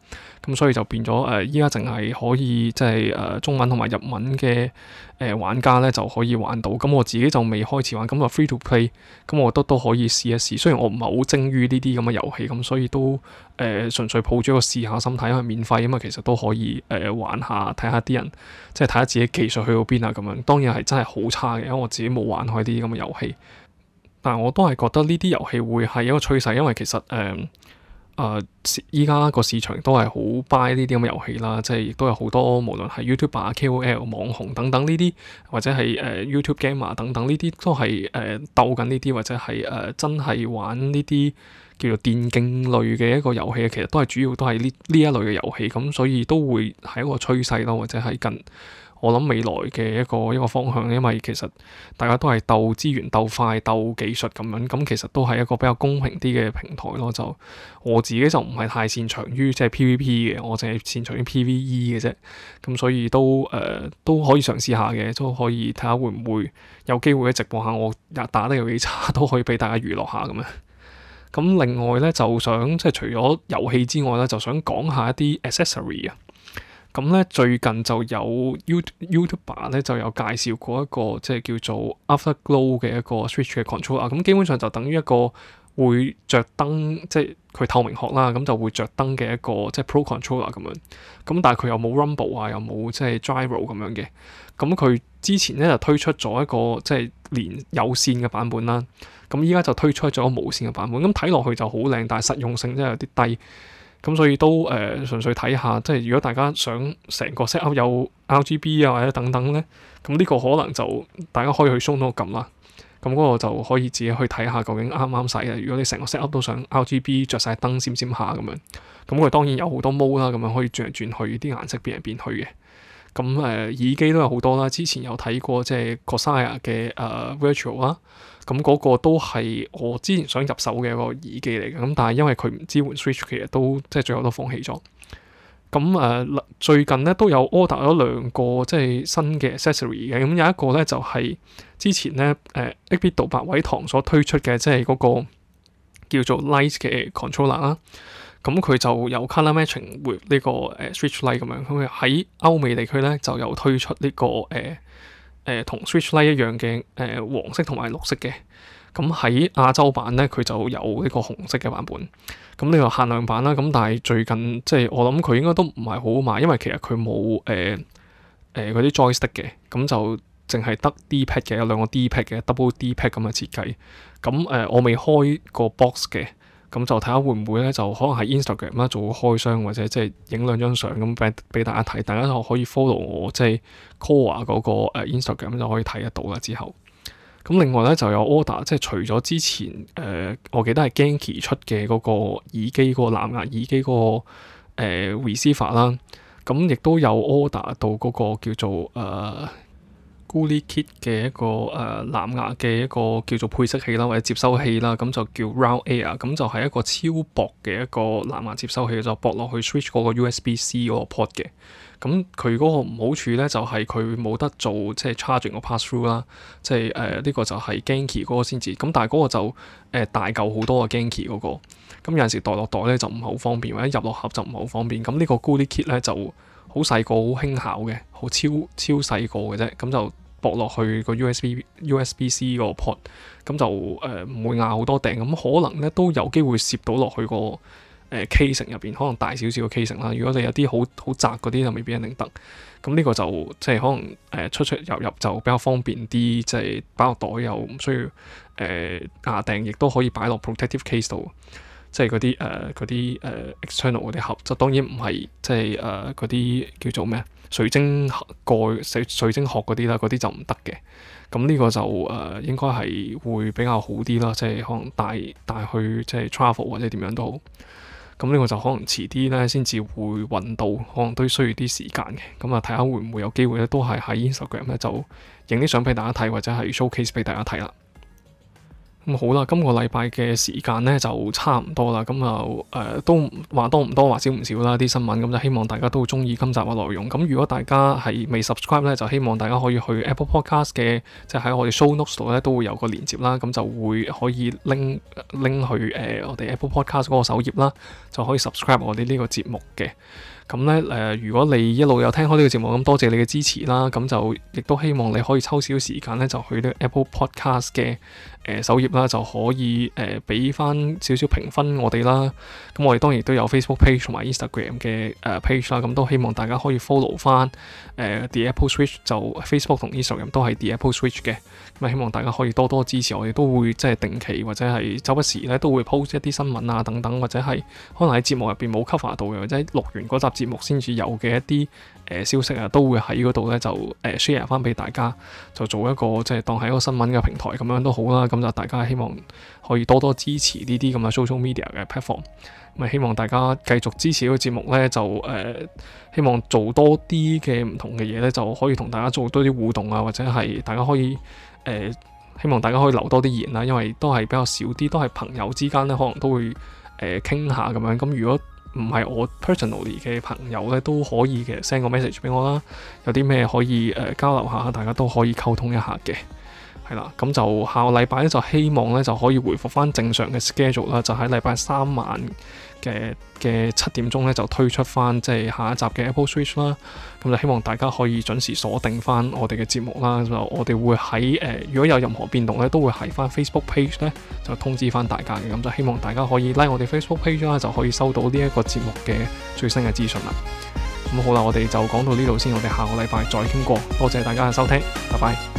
咁所以就變咗誒，依家淨係可以即係誒中文同埋日文嘅誒、呃、玩家咧就可以玩到。咁我自己就未開始玩。咁話 free to play，咁我覺得都可以試一試。雖然我唔係好精於呢啲咁嘅遊戲，咁所以都誒、呃、純粹抱住一個試下心態，因為免費啊嘛，其實都可以誒、呃、玩下，睇下啲人即係睇下自己技術去到邊啊咁樣。當然係真係好差嘅，因為我自己冇玩開啲咁嘅遊戲。但係我都係覺得呢啲遊戲會係一個趨勢，因為其實誒，呃誒依家個市場都係好 buy 呢啲咁嘅遊戲啦，即係亦都有好多無論係 YouTuber 啊、KOL、網紅等等呢啲，或者係誒、uh, YouTube gamer 等等呢啲，都係誒鬥緊呢啲，或者係誒、uh, 真係玩呢啲叫做電競類嘅一個遊戲，其實都係主要都係呢呢一類嘅遊戲，咁所以都會係一個趨勢咯，或者係近。我諗未來嘅一個一個方向，因為其實大家都係鬥資源、鬥快、鬥技術咁樣，咁其實都係一個比較公平啲嘅平台咯。就我自己就唔係太擅長於即係 PVP 嘅，我淨係擅長於 PVE 嘅啫。咁所以都誒、呃、都可以嘗試下嘅，都可以睇下會唔會有機會一直播一下我打打得有幾差，都可以俾大家娛樂下咁樣。咁另外咧，就想即係除咗遊戲之外咧，就想講一下一啲 accessory 啊。咁咧，最近就有 YouT YouTuber 咧就有介紹過一個即係叫做 Afterglow 嘅一個 Switch 嘅 controller，咁基本上就等於一個會着燈，即係佢透明殼啦，咁就會着燈嘅一個即係 Pro controller 咁樣。咁但係佢又冇 Rumble 啊，又冇即係 Gyro 咁樣嘅。咁佢之前咧就推出咗一個即係連有線嘅版本啦。咁依家就推出咗無線嘅版本。咁睇落去就好靚，但係實用性真係有啲低。咁所以都誒、呃，純粹睇下，即係如果大家想成個 set up 有 RGB 啊或者等等咧，咁呢個可能就大家可以去鬆鬆撳啦。咁嗰個就可以自己去睇下究竟啱唔啱使嘅。如果你成個 set up 都想 RGB 着晒燈閃閃下咁樣，咁佢當然有好多 mode 啦，咁樣可以轉嚟轉去，啲顏色變嚟變去嘅。咁誒、呃、耳機都有好多啦，之前有睇過即係 Corsair 嘅、呃、誒 Virtual 啦，咁嗰個都係我之前想入手嘅個耳機嚟嘅，咁但係因為佢唔支援 Switch，其實都即係最後都放棄咗。咁誒、呃、最近咧都有 order 咗兩個即係新嘅 accessory 嘅，咁有一個咧就係、是、之前咧誒 8Bit、呃、Do 八位堂所推出嘅，即係嗰、那個叫做 Lite 嘅 controller 啦。咁佢就有 color matching with 呢、這個誒、uh, switch light 咁樣，咁佢喺歐美地區咧就有推出呢、這個誒誒、uh, 同、uh, switch light 一樣嘅誒、uh, 黃色同埋綠色嘅，咁喺亞洲版咧佢就有呢個紅色嘅版本，咁呢個限量版啦，咁但係最近即係我諗佢應該都唔係好好賣，因為其實佢冇誒誒嗰啲 joystick 嘅，咁、uh, uh, 嗯、就淨係得 d pad 嘅，有兩個 d pad 嘅 double d pad 咁嘅設計，咁、嗯、誒、uh, 我未開過 box 嘅。咁就睇下會唔會咧，就可能喺 Instagram 啦，做開箱，或者即係影兩張相咁俾俾大家睇，大家可、就是、就可以 follow 我即係 Cora 嗰個 Instagram 就可以睇得到啦。之後，咁另外咧就有 order，即係除咗之前誒、呃、我記得係 Ganky 出嘅嗰個耳機，嗰、嗰個藍牙耳機嗰、嗰個誒 receiver 啦，咁亦都有 order 到嗰個叫做誒、呃 GuliKit 嘅一個誒、呃、藍牙嘅一個叫做配色器啦，或者接收器啦，咁就叫 Route Air，咁就係一個超薄嘅一個藍牙接收器，就駁落去 Switch 嗰個 USB C 嗰個 port 嘅。咁佢嗰個唔好處咧，就係佢冇得做即係 charging 個 pass through 啦，即係誒呢個就係 Genki 嗰個先至。咁但係嗰個就誒、呃、大嚿好多啊 Genki 嗰、那個。咁有陣時袋落袋咧就唔係好方便，或者入落盒就唔好方便。咁呢個 GuliKit 咧就～好細個，好輕巧嘅，好超超細個嘅啫。咁就駁落去個 US B, USB USB C 個 port，咁就誒唔、呃、會壓好多釘。咁可能咧都有機會攝到落去、嗰個誒 casing 入邊，可能大少少嘅 casing 啦。如果你有啲好好窄嗰啲，就未必一定得。咁呢個就即係可能誒、呃、出出入入就比較方便啲，即係擺落袋又唔需要誒壓釘，亦、呃、都可以擺落 protective case 度。即係嗰啲誒嗰啲誒 external 嗰啲盒，就當然唔係即係誒嗰啲叫做咩啊，水晶盒水、水晶殼嗰啲啦，嗰啲就唔得嘅。咁呢個就誒、uh，應該係會比較好啲啦，即係可能帶帶去即係 travel 或者點樣都好。咁呢個就可能遲啲咧先至會運到，可能都需要啲時間嘅。咁啊睇下會唔會有機會咧，都係喺 Instagram 咧就影啲相俾大家睇，或者係 showcase 俾大家睇啦。咁好啦，今個禮拜嘅時間呢就差唔多啦。咁就誒、呃、都話多唔多，話少唔少啦。啲新聞咁就希望大家都會中意今集嘅內容。咁如果大家係未 subscribe 呢，就希望大家可以去 Apple Podcast 嘅，就係、是、喺我哋 Show Notes 度呢都會有個連結啦。咁就會可以拎拎去誒、啊、我哋 Apple Podcast 嗰個首頁啦，就可以 subscribe 我哋呢個節目嘅。咁呢，誒、呃，如果你一路有聽開呢個節目，咁多謝你嘅支持啦。咁就亦都希望你可以抽少少時間呢，就去 Apple Podcast 嘅。誒、呃、首頁啦，就可以誒俾翻少少評分我哋啦。咁我哋當然都有 Facebook page 同埋 Instagram 嘅誒、呃、page 啦。咁都希望大家可以 follow 翻誒、呃、The Apple Switch，就 Facebook 同 Instagram 都係 The Apple Switch 嘅。咁、嗯、啊，希望大家可以多多支持我哋，都會即係定期或者係周不時咧都會 post 一啲新聞啊、等等，或者係可能喺節目入邊冇 cover 到嘅，或者錄完嗰集節目先至有嘅一啲。誒、呃、消息啊，都會喺嗰度咧就誒 share 翻俾大家，就做一個即係當係一個新聞嘅平台咁樣都好啦。咁就大家希望可以多多支持呢啲咁嘅 social media 嘅 platform。希望大家繼續支持呢個節目咧，就誒、呃、希望做多啲嘅唔同嘅嘢咧，就可以同大家做多啲互動啊，或者係大家可以誒、呃，希望大家可以留多啲言啦、啊，因為都係比較少啲，都係朋友之間咧，可能都會誒傾、呃、下咁樣。咁如果唔係我 personally 嘅朋友咧，都可以嘅 send 個 message 俾我啦。有啲咩可以誒、呃、交流下，大家都可以溝通一下嘅，係啦。咁就下個禮拜咧，就希望咧就可以回復返正常嘅 schedule 啦。就喺禮拜三晚，嘅嘅七點鐘咧就推出翻即係下一集嘅 Apple Switch 啦，咁就希望大家可以準時鎖定翻我哋嘅節目啦，就我哋會喺誒、呃、如果有任何變動咧，都會喺翻 Facebook page 咧就通知翻大家嘅，咁就希望大家可以拉、like、我哋 Facebook page 啦，就可以收到呢一個節目嘅最新嘅資訊啦。咁好啦，我哋就講到呢度先，我哋下個禮拜再傾過，多謝大家嘅收聽，拜拜。